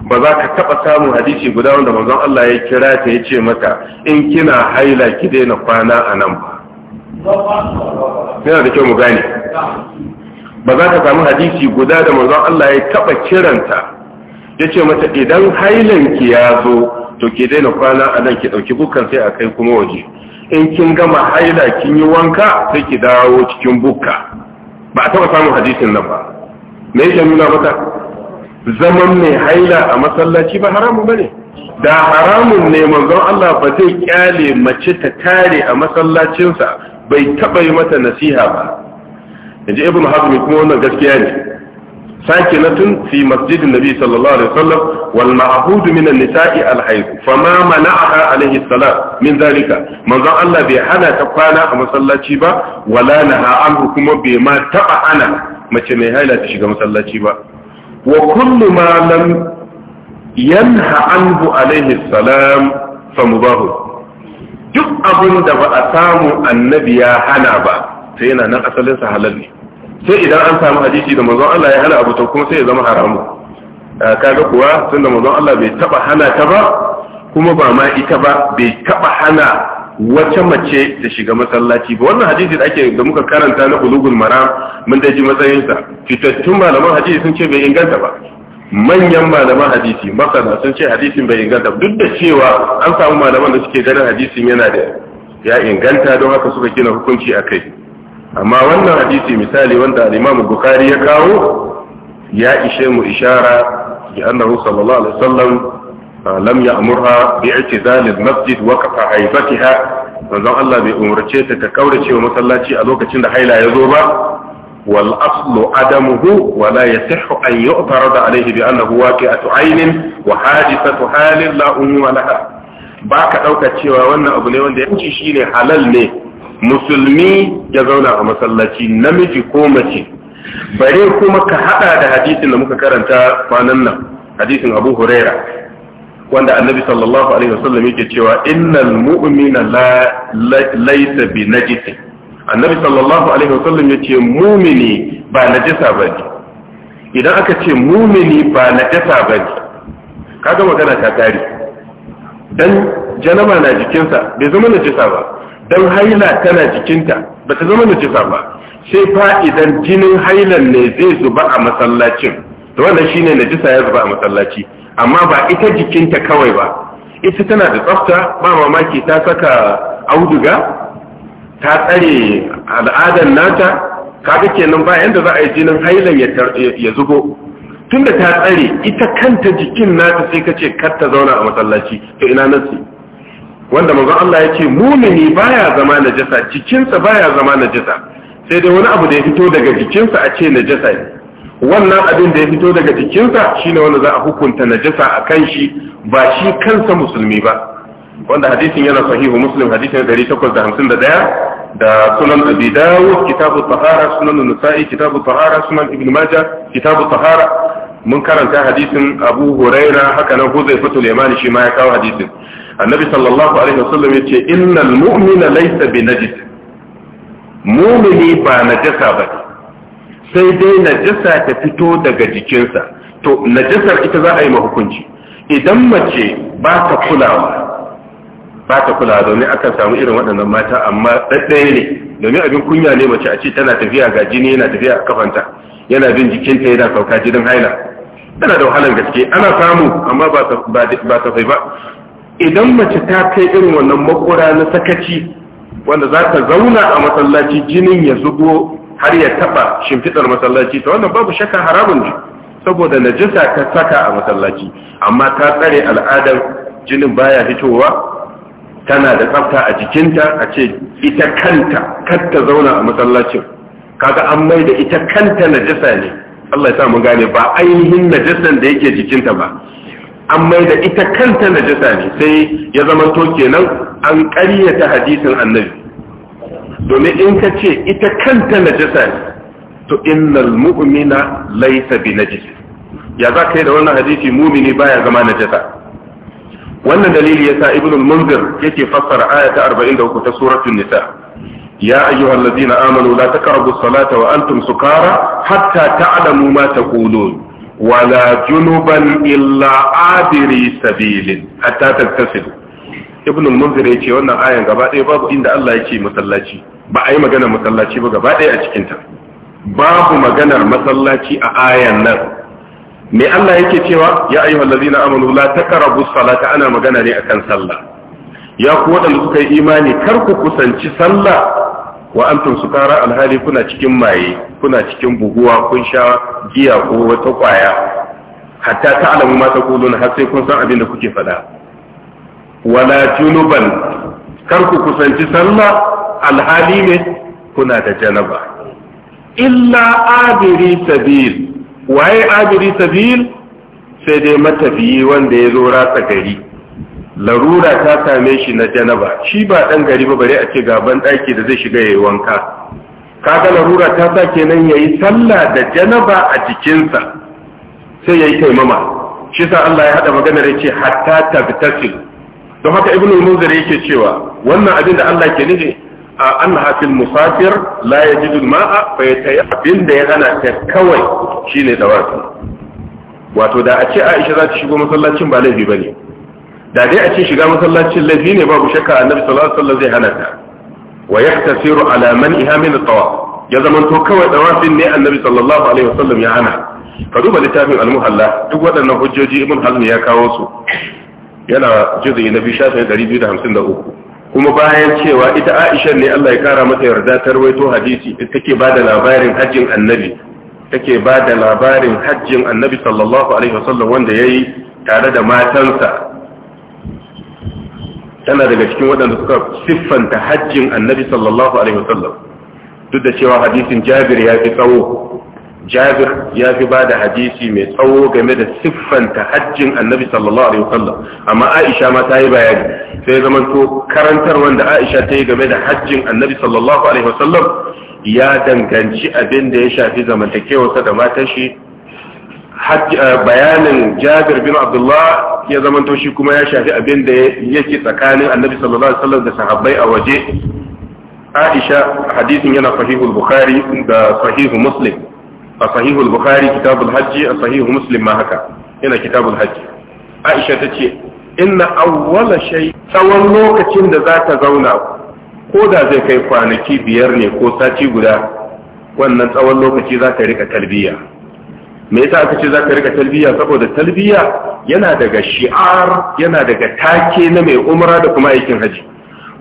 ba za ka taɓa samun hadisi guda wanda manzon Allah ya kira ta ya ce mata in kina haila ki daina kwana a nan ba yana da kyau mu gane ba za ka samu hadisi guda da manzon Allah ya taɓa kiranta ya ce mata idan hailan ki ya zo to ki daina kwana a nan ki ɗauki bukkan sai a kai kuma waje in kin gama haila kin yi wanka sai ki dawo cikin bukka ba a taɓa samun hadisin nan ba me yake nuna maka zaman mai haila a masallaci ba haramun bane da haramun ne manzon Allah ba zai kyale mace ta tare a masallacinsa bai taɓa yi mata nasiha ba yanzu ibn hazmi kuma wannan gaskiya ne sakinatun fi masjidin nabi sallallahu alaihi wasallam wal ma'hud min an-nisa'i al-hayd fama mana'aha alaihi salam min zalika manzon Allah bai hana ta kwana a masallaci ba wala naha anhu kuma bai ma taba ana mace mai haila ta shiga masallaci ba wa kullu ma lam yanha anhu alaihi salam fa duk abin da ba a samu annabi ya hana ba sai yana nan asalinsa sa halal ne sai idan an samu hadisi da manzon Allah ya hana abu to kuma sai ya zama haramu ah, kaga kuwa tunda manzon Allah bai taba hana ta ba kuma ba ma ita ba bai taba hana wata mace da shiga masallaci ba wannan hadisi da ake da muka karanta na bulugul maram mun da ji matsayin sa fitattun malaman hadisi sun ce bai inganta ba manyan malaman hadisi masana sun ce hadisin bai inganta duk da cewa an samu malaman da suke ganin hadisin yana da ya inganta don haka suka gina hukunci a kai amma wannan hadisi misali wanda al-Imam Bukhari ya kawo ya ishe mu ishara bi annahu sallallahu alaihi wasallam ah, lam ya'murha bi i'tizal al-masjid wa kafa haibatiha manzon Allah bai umarce ta ta kaurace wa masallaci a lokacin da haila ya zo ba wal aslu adamuhu wa la yasihhu an yu'tarada alayhi bi annahu waqi'atu aynin wa hadithatu halin la umma laha ba ka dauka cewa wannan abu ne wanda ya ci shine halal ne musulmi ya zauna a masallaci namiji ko mace bare kuma ka hada da hadisin da muka karanta kwanan nan hadisin abu huraira wanda annabi sallallahu alaihi wasallam yake cewa innal mu'mina la laysa bi najis annabi sallallahu alaihi wasallam yace mu'mini ba najisa bane idan aka ce mu'mini ba najisa bane kaga magana ta kare dan janaba na jikinsa bai zama najisa ba don haila tana jikinta ba ta zama najisa ba sai fa idan jinin hailan ne zai zuba a masallacin to wannan shine najisa ya zuba a masallaci amma ba ita jikinta kawai ba ita tana da tsafta ba mamaki ta saka auduga ta tsare al'adan nata kaga kenan ba yanda za a yi jinin hailan ya zubo tunda ta tsare ita kanta jikin nata sai ka ce kar ta zauna a masallaci to ina nasi wanda manzo Allah ya ce mumini baya zama najasa jikinsa baya zama najasa sai dai wani abu da ya fito daga jikinsa a ce najasa ne wannan abin da ya fito daga jikinsa shine wanda za a hukunta najasa a kan shi ba shi kansa musulmi ba wanda hadisin yana sahihu muslim hadisin 851 da sunan abi dawud kitabu tahara sunan nasa'i kitabu tahara sunan ibn majah kitabu tahara mun karanta hadisin abu huraira haka nan huzaifatul yamani shi ma ya kawo hadisin annabi sallallahu alaihi wasallam ya ce innal mu'mina laysa bi najis mu'mini ba najasa ba sai dai najasa ta fito daga jikinsa to najasar ita za a yi hukunci idan mace ba ta kulawa ba ta kulawa domin akan samu irin waɗannan mata amma ɗaɗɗaya ne domin abin kunya ne mace a ce tana tafiya ga jini yana tafiya a kafanta yana bin jikinta yana sauka jinin haila tana da wahalar gaske ana samu amma ba ta fai ba idan mace ta kai irin wannan makura na sakaci wanda za ta zauna a masallaci jinin ya zubo har ya taba shimfidar masallaci ta wannan babu shakka haramun ne saboda najasa ta saka a masallaci amma ta tsare al'adar jinin baya fitowa tana da tsafta a jikinta a ce ita kanta katta zauna a masallacin kaga an mai da ita kanta najasa ne Allah ya sa mu gane ba ainihin najasan da yake jikinta ba an mai da ita kanta najasa ne sai ya zama to kenan an ƙaryata hadisin annabi domin in ka ce ita kanta najasa ne to innal mu'mina laysa bi najis ya za yi da wannan hadisi mumini baya zama najasa wannan dalili yasa ibn al-munzir yake fassara ayata 43 ta suratul nisa ya ayyuhallazina amanu la taqrabu as-salata wa antum sukara hatta ta'lamu ma taqulun wala junuban illa abiri sabilin hatta tattasilu ibn al-munzir yace wannan ayan gaba ɗaya babu inda Allah yake masallaci ba a yi maganar masallaci ba gaba ɗaya a cikin ta babu maganar masallaci a ayan nan me Allah yake cewa ya ayyuhal ladina amanu la taqrabu salata ana magana ne akan sallah ya ku waɗanda suka yi imani kar ku kusanci sallah wa antum sukara alhali kuna cikin maye kuna cikin buguwa kun sha giya ko wata kwaya hatta ta'lamu ma taquluna har sai kun san abin da kuke faɗa wala junuban kar ku kusanci sallah alhali ne kuna da janaba illa abiri sabil waye abiri sabil sai dai matafiyi wanda ya zo ratsa gari larura ta same shi na janaba shi ba dan gari ba bare a ce gaban daki da zai shiga yayi wanka kaga larura ta sa kenan yayi sallah da janaba a jikinsa sai yayi taimama shi sa Allah ya hada magana da yake hatta tabtasil don haka ibnu munzir yake cewa wannan abin da Allah ke nufi a annaha fil musafir la yajidu ma'a fa yatayi abin da ya hana ta kawai shine dawafi wato da a ce Aisha za ta shigo masallacin ba laifi bane da dai a ce shiga masallacin laifi ne babu shakka annabi sallallahu alaihi wasallam zai hana ta wa yaktasiru ala iha min at-tawaf ya zaman to kawai tawafin ne annabi sallallahu alaihi wasallam ya hana ka duba littafin al-muhalla duk waɗannan hujjoji ibn hazm ya kawo su yana juz'i na 2253 kuma bayan cewa ita Aisha ne Allah ya kara mata yarda ta rawaito hadisi ita take bada labarin hajjin annabi take bada labarin hajjin annabi sallallahu alaihi wasallam wanda yayi tare da matansa tana daga cikin waɗanda suka siffanta hajjin annabi sallallahu alaihi wasallam duk da cewa hadisin jabir ya fi tsawo jabir ya fi ba da hadisi mai tsawo game da siffanta hajjin annabi sallallahu alaihi wasallam amma aisha ma ta yi bayani sai zaman to karantar wanda aisha ta yi game da hajjin annabi sallallahu alaihi wasallam ya danganci abin da ya shafi zamantakewarsa da matan shi Eh, bayanin jabir bin abdullah ya zamanto shi kuma ya shafi abin da yake tsakanin annabi sallallahu alaihi wasallam da sahabbai a waje aisha hadisin yana sahihul bukhari da sahihu muslim a sahihul bukhari kitabul hajji a sahihu muslim ma haka yana kitabul hajji aisha ta ce inna awwala shay tsawon lokacin da za ta zauna ko da zai kai kwanaki biyar ne ko sati guda wannan tsawon lokaci za ta rika talbiya me yasa aka ce zaka rika talbiya saboda talbiya yana daga shi'ar yana daga take na mai umra da kuma aikin haji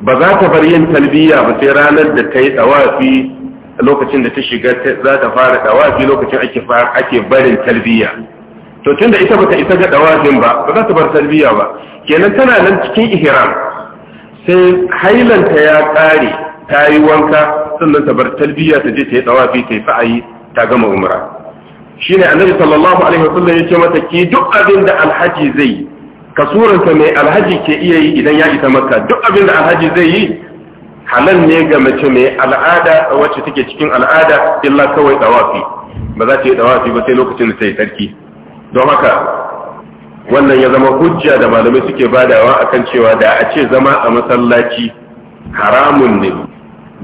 ba za ta bar yin talbiya ba sai ranar da ta yi dawafi lokacin da ta shiga za ta fara dawafi lokacin ake barin talbiya to tun da ita bata isa ga dawafin ba ba za ta bar talbiya ba kenan tana nan cikin ihram sai hailanta ya kare ta yi wanka sannan ta bar talbiya ta je ta yi dawafi ta yi sa'ayi ta gama umra shine annabi sallallahu alaihi wasallam ce mata ki duk abin da alhaji zai yi ka suranta mai alhaji ke iya yi idan ya isa makka duk abin da alhaji zai yi halal ne ga mace mai al'ada wacce take cikin al'ada illa kawai dawafi ba za ta yi dawafi ba sai lokacin da ta yi tsarki don haka wannan ya zama hujja da malamai suke badawa akan cewa da a ce zama a masallaci haramun ne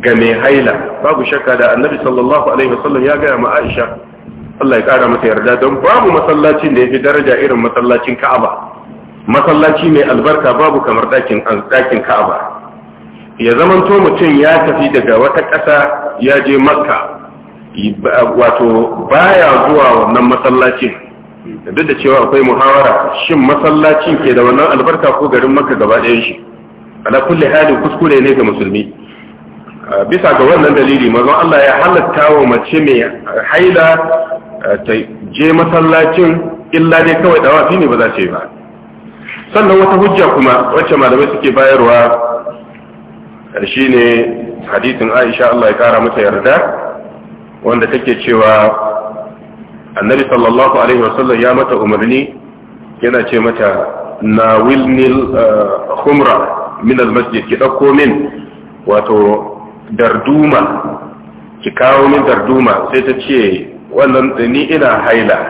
ga mai haila babu shakka da annabi sallallahu alaihi wasallam ya gaya ma Aisha Allah ya kara masa yarda don babu masallacin da ya fi daraja irin masallacin Ka'aba masallaci mai albarka babu kamar ɗakin Ka'aba ya zamanto mutum ya tafi daga wata ƙasa ya je Makka wato baya zuwa wannan masallacin duk da cewa akwai muhawara shin masallacin ke da wannan albarka ko garin Makka gaba ɗayan shi ala kulli hali kuskure ne ga musulmi bisa ga wannan dalili mazan Allah ya halatta wa mace mai haila Eh, ta je masallacin illa dai kawai wafi ne ba za ta yi ba sannan wata hujja kuma wacce malamai suke bayarwa shi ne hadisin aisha Allah ya kara mata yarda wanda take cewa annabi sallallahu alaihi wasallam ya mata umarni yana ce mata na wilnil eh, humra min almasjid ki dauko min wato darduma ki kawo min darduma sai ta ce wannan da ni ina haila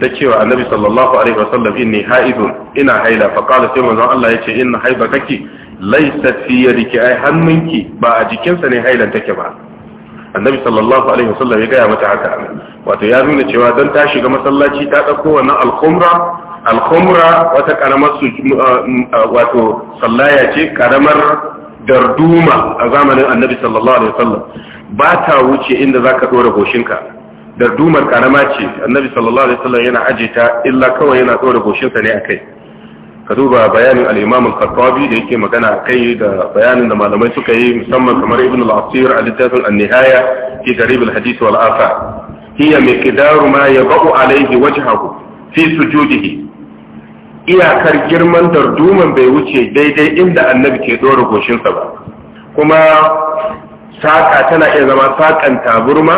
ta cewa annabi sallallahu alaihi wasallam inni haidun ina haila fa qala sai manzon Allah yace inna haibataki laysat fi yadiki ai hannunki ba a jikinsa ne hailan take ba annabi sallallahu alaihi wasallam ya gaya mata haka wato ya nuna cewa dan ta shiga masallaci ta dauko wannan al-khumra al-khumra wata karamar uh, wato sallaya ce karamar darduma a zamanin annabi sallallahu alaihi wasallam ba ta wuce inda za ka ɗora goshinka dardumar karama ce annabi sallallahu alaihi wasallam yana aje ta illa kawai yana ɗora goshinsa ne a kai ka duba bayanin al-imam al qattabi da yake magana akai kai da bayanin da malamai suka yi musamman kamar ibn al-asir al littafin an-nihaya fi garib al-hadith wal afa hiya miqdaru ma yabau alaihi wajhahu fi sujudihi iyakar girman darduman bai wuce daidai inda annabi ke ɗora goshinsa ba kuma Saka tana iya zama saƙan taburma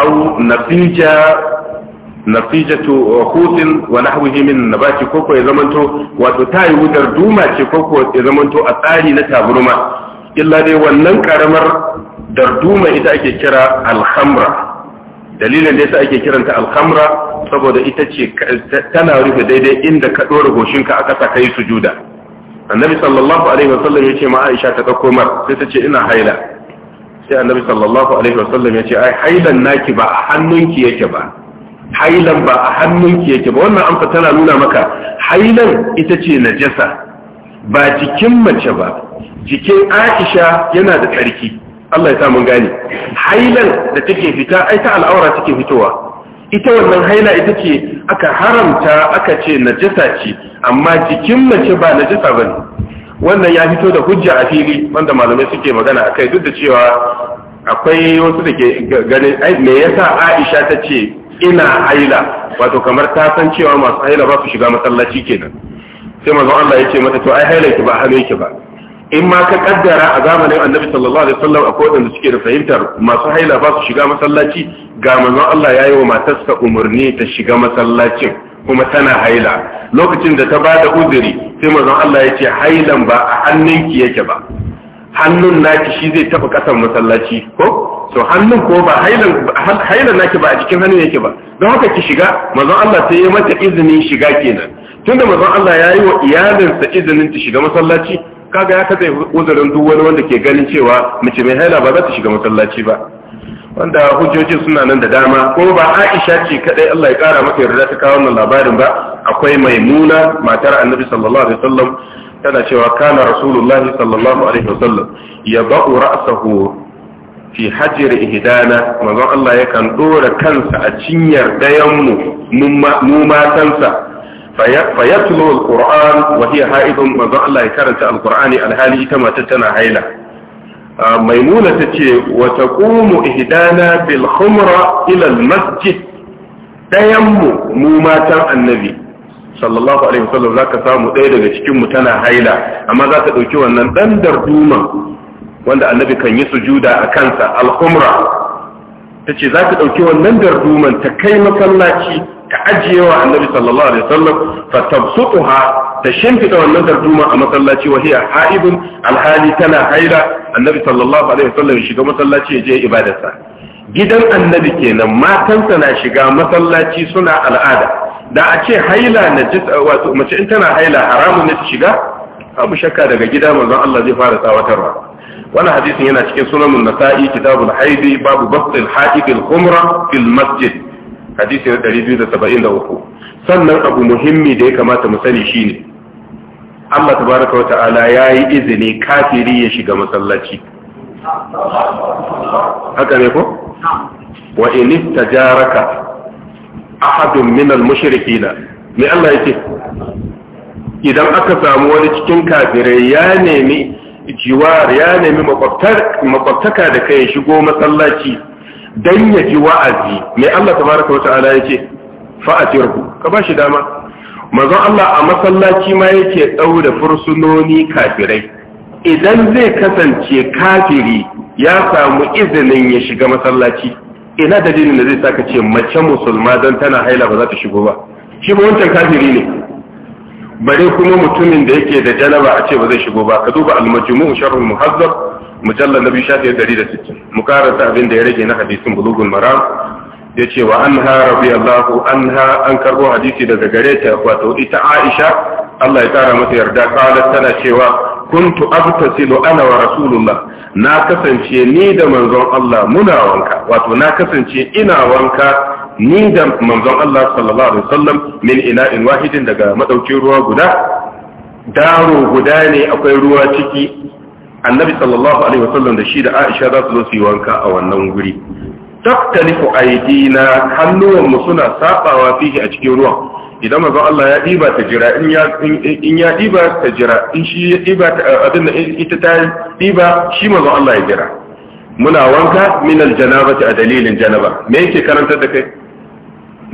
au nafija to uh, hutin wa nahwihi min nabati ko koko ya zamanto wato tayi wutar duma ce koko ya zamanto a tsari na taburma illa dai wannan karamar darduma ita ake kira alhamra dalilin da yasa ake kiranta alhamra saboda ita ce tana rufe daidai inda ka dora goshinka aka sa kai sujuda annabi sallallahu alaihi wasallam ya ce ma aisha ta ɗauko mar sai ta ce ina haila sai annabi sallallahu alaihi wasallam ya ce ai hailan naki ba a hannunki yake ba hailan ba a hannunki yake ba wannan amsa tana nuna maka hailan ita ce najasa ba jikin mace ba jikin aisha yana da tsarki Allah ya sa mun gane hailan da take fita ai ta al'aura take fitowa ita wannan haila ita ce aka haramta aka ce najasa ce amma jikin mace ba najasa ne. wannan ya fito da hujja a fili wanda malamai suke magana akai duk da cewa akwai wasu da ke ganin me yasa Aisha ta ce ina haila wato kamar ta san cewa masu haila ba su shiga masallaci kenan sai manzon Allah ya ce mata to ai haila ki ba halu yake ba in ma ka kaddara a zamanin Annabi sallallahu alaihi wasallam akwai wanda suke da fahimtar masu haila ba su shiga masallaci ga manzon Allah ya yi wa matarsa umarni ta shiga masallacin kuma tana haila lokacin da ta ba da uzuri sai manzon Allah ya ce hailan ba a hannunki yake ba hannun naki shi zai taba kasan masallaci ko so hannun ko ba hailan hailan naki ba a cikin hannun yake ba don haka ki shiga manzon Allah sai ya mata izinin shiga kenan tunda manzon Allah ya yi wa iyalinsa izinin ta shiga masallaci kaga ya kada uzurin duk wani wanda ke ganin cewa mace mai haila ba za ta shiga masallaci ba wanda hujjojin suna nan da dama ko ba Aisha ce kadai Allah ya kara mata yarda ta kawo wannan labarin ba akwai Maimuna matar Annabi sallallahu alaihi wasallam tana cewa kana Rasulullahi sallallahu alaihi wasallam ya ba'u ra'sahu fi hajjir ihdana manzon Allah yakan dora kansa a cinyar dayan mu mu matansa fayatlu alquran wa hiya haidun manzon Allah ya karanta alqurani alhali ita mata tana haila maimuna ta ce wa taqumu ihdana bil khumra ila masjid ɗayan mu matan annabi sallallahu alaihi wasallam zaka samu ɗaya daga cikin mu tana haila amma za ta ɗauki wannan ɗan darduma wanda annabi kan yi sujuda a kansa al-khumra ta ce za ta ɗauki wannan darduman ta kai masallaci ta ajiyewa annabi sallallahu alaihi wasallam fa tabsutuha ta shimfida wannan darduma a masallaci wa hiya haibun alhali tana haila. annabi sallallahu alaihi wasallam ya shiga masallaci ya je ibadarsa gidan annabi kenan matansa na shiga masallaci suna al'ada da a ce haila na wato mace in tana haila haramun ne ta shiga abu shakka daga gida manzon Allah zai fara tsawatarwa wannan hadisin yana cikin sunan nasa'i kitabul haidi babu bastil haidil khumra fil masjid hadisi na 273 sannan abu muhimmi da ya kamata mu sani shine Allah tabaraka wa ta'ala yi izini kafiri ya shiga masallaci haka ne ko wa in istajaraka ahadun min al-mushrikin me Allah yake idan aka samu wani cikin kafirai ya nemi jiwar ya nemi makwabtaka da kai shigo masallaci dan ya ji wa'azi me Allah tabaraka wa ta'ala yake fa'atirhu ka ba shi dama manzon Allah a masallaci ma yake ɗaure fursunoni kafirai idan zai kasance kafiri ya samu izinin ya shiga masallaci ina da dalilin da zai saka ce mace musulma don tana haila ba za ta shigo ba shi ba wancan kafiri ne bare kuma mutumin da yake da janaba a ce ba zai shigo ba ka duba al-majmu' sharh muhazzab mujallal nabi shafi 160 mukarrata abin da ya rage na hadisin bulugul maram ya ce wa an ha rabi Allahu an ha an karbo hadisi daga gare ta wato ita Aisha Allah ya kara mata yarda kala tana cewa kuntu abtasilu ana wa rasulullah na kasance ni da manzon Allah muna wanka wato na kasance ina wanka ni da manzon Allah sallallahu alaihi wasallam min ina'in wahidin daga madaukin ruwa guda daro guda ne akwai ruwa ciki annabi sallallahu alaihi wasallam da shi da Aisha za su zo su yi wanka a wannan guri taktalifu aidina hannuwanmu suna sabawa fihi a cikin ruwan idan manzon Allah ya diba ta jira in ya in ya diba ta jira in shi ya diba eh, abin da ita ta diba shi manzon Allah ya jira muna wanka min aljanabati a dalilin janaba me yake karantar da kai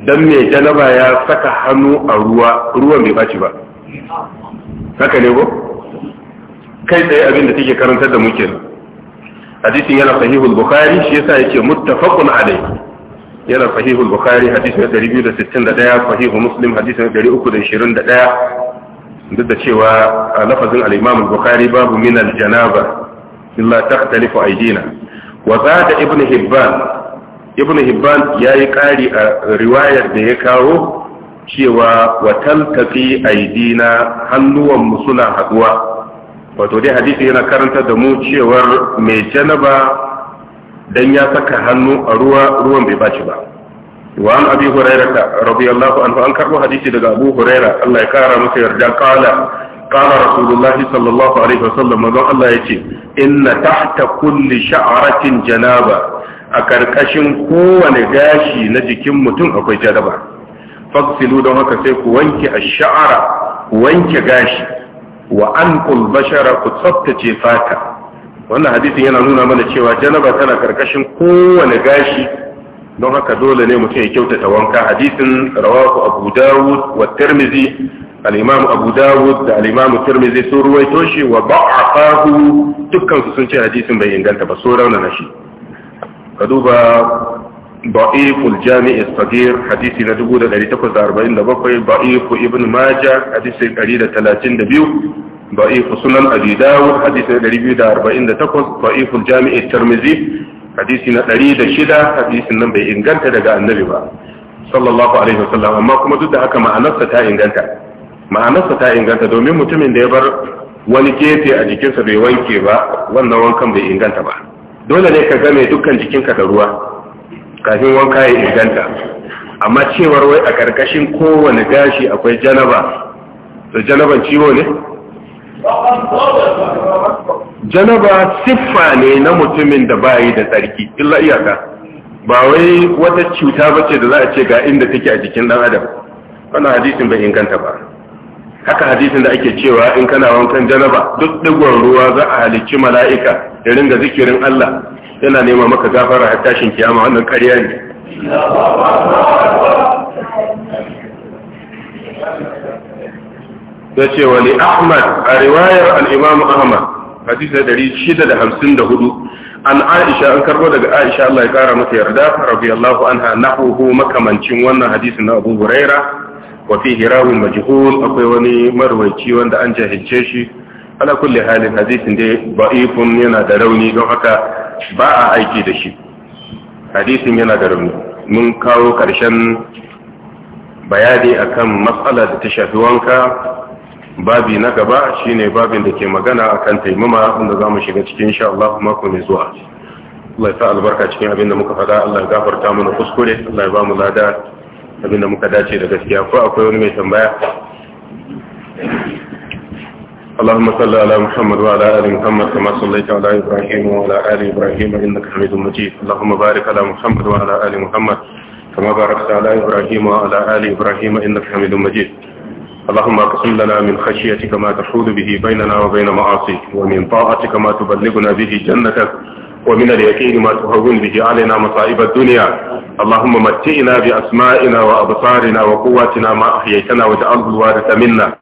dan me janaba ya saka hannu a ruwa ruwan bai baci ba haka ne ko kai tsaye abin da take karantar da mu kenan hadisin yana sahihul bukhari shi yasa yake muttafaqun alayhi yana sahihul bukhari hadisi na 261 sahihu muslim hadisi na 321 duk da cewa lafazin al-imam al-bukhari babu min al-janaba illa takhtalifu aydina wa zada ibn hibban ibn hibban yayi kari a riwayar da ya kawo cewa wa taltaqi aydina hannuwan mu suna haduwa wato dai hadisi yana karanta da mu cewar mai janaba dan ya saka hannu a ruwa ruwan bai baci ba wa an abi hurairah radiyallahu anhu an karbo hadisi daga abu hurairah Allah ya kara masa yarda kala kala rasulullahi sallallahu alaihi wasallam manzon Allah yace inna tahta kulli sha'ratin janaba a karkashin kowane gashi na jikin mutum akwai janaba fagsilu don haka sai ku wanke ash-sha'ra wanke gashi wa an bashara ku tsaftace fata wannan hadisin yana nuna mana cewa janaba tana karkashin kowane gashi don haka dole ne mutum ya kyautata wanka hadisin rawahu abu dawud wa tirmizi al-imam abu dawud da al-imam tirmizi sun ruwaito shi wa ba'afahu dukkan su sun ce hadisin bai inganta ba so raunana shi ka duba ضعيف الجامع الصغير حديث ندبو دا داري تقوز أربعين دا بقوي ضعيف ابن ماجة حديث قليل تلاتين دا بيو ضعيف سنن أبي داود حديث ندري بيو دا أربعين دا تقوز ضعيف الجامع الترمزي حديث ندري دا شدا حديث نمبي إنغانتا دا النبي با صلى الله عليه وسلم أما كما دودا هكا معنفة تا إنغانتا معنفة تا إنغانتا دومين متمن دا يبر wani gefe a jikinsa bai wanke ba wannan wankan bai inganta ba dole ne ka game dukkan jikinka da ruwa kafin wanka ya inganta amma cewar wai a ƙarƙashin kowane gashi akwai janaba da janaban ciwo ne? janaba siffa ne na mutumin da bayi da tsarki illa iyaka ba wai wata cuta ba ce da za a ce ga inda take a jikin ɗan adam wannan hadisin bai inganta ba haka hadisin da ake cewa in kana wankan janaba duk digon ruwa za a halicci mala'ika da ringa zikirin Allah yana nema maka gafara har tashin kiyama wannan ƙarya ne ce wa ahmad a riwayar al-imam ahmad da hudu. an aisha an karbo daga aisha Allah ya kara mata yarda radiyallahu anha nahuhu makamancin wannan hadisin na Abu Huraira wa fihi rawin majhul akwai wani marwaici wanda an jahilce shi ala kulli halin hadisin dai Ba'ifun yana da rauni don haka ba a aiki da shi hadisin yana da rauni mun kawo ƙarshen bayani akan matsala da ta shafi wanka babi na gaba shine babin da ke magana akan taimama inda za mu shiga cikin insha Allah mako mai zuwa Allah ya sa albarka cikin abin da muka faɗa Allah ya gafarta mana kuskure Allah ya ba mu lada abin da muka dace da gaskiya ko akwai wani mai tambaya اللهم صل على محمد وعلى آل محمد كما صليت على إبراهيم وعلى آل إبراهيم إنك حميد مجيد اللهم بارك على محمد وعلى آل محمد كما باركت على إبراهيم وعلى آل إبراهيم إنك حميد مجيد اللهم اقسم لنا من خشيتك ما تحول به بيننا وبين معاصيك ومن طاعتك ما تبلغنا به جنتك ومن اليقين ما تهون به علينا مصائب الدنيا اللهم متئنا بأسمائنا وأبصارنا وقواتنا ما أحييتنا واجعله الوارث منا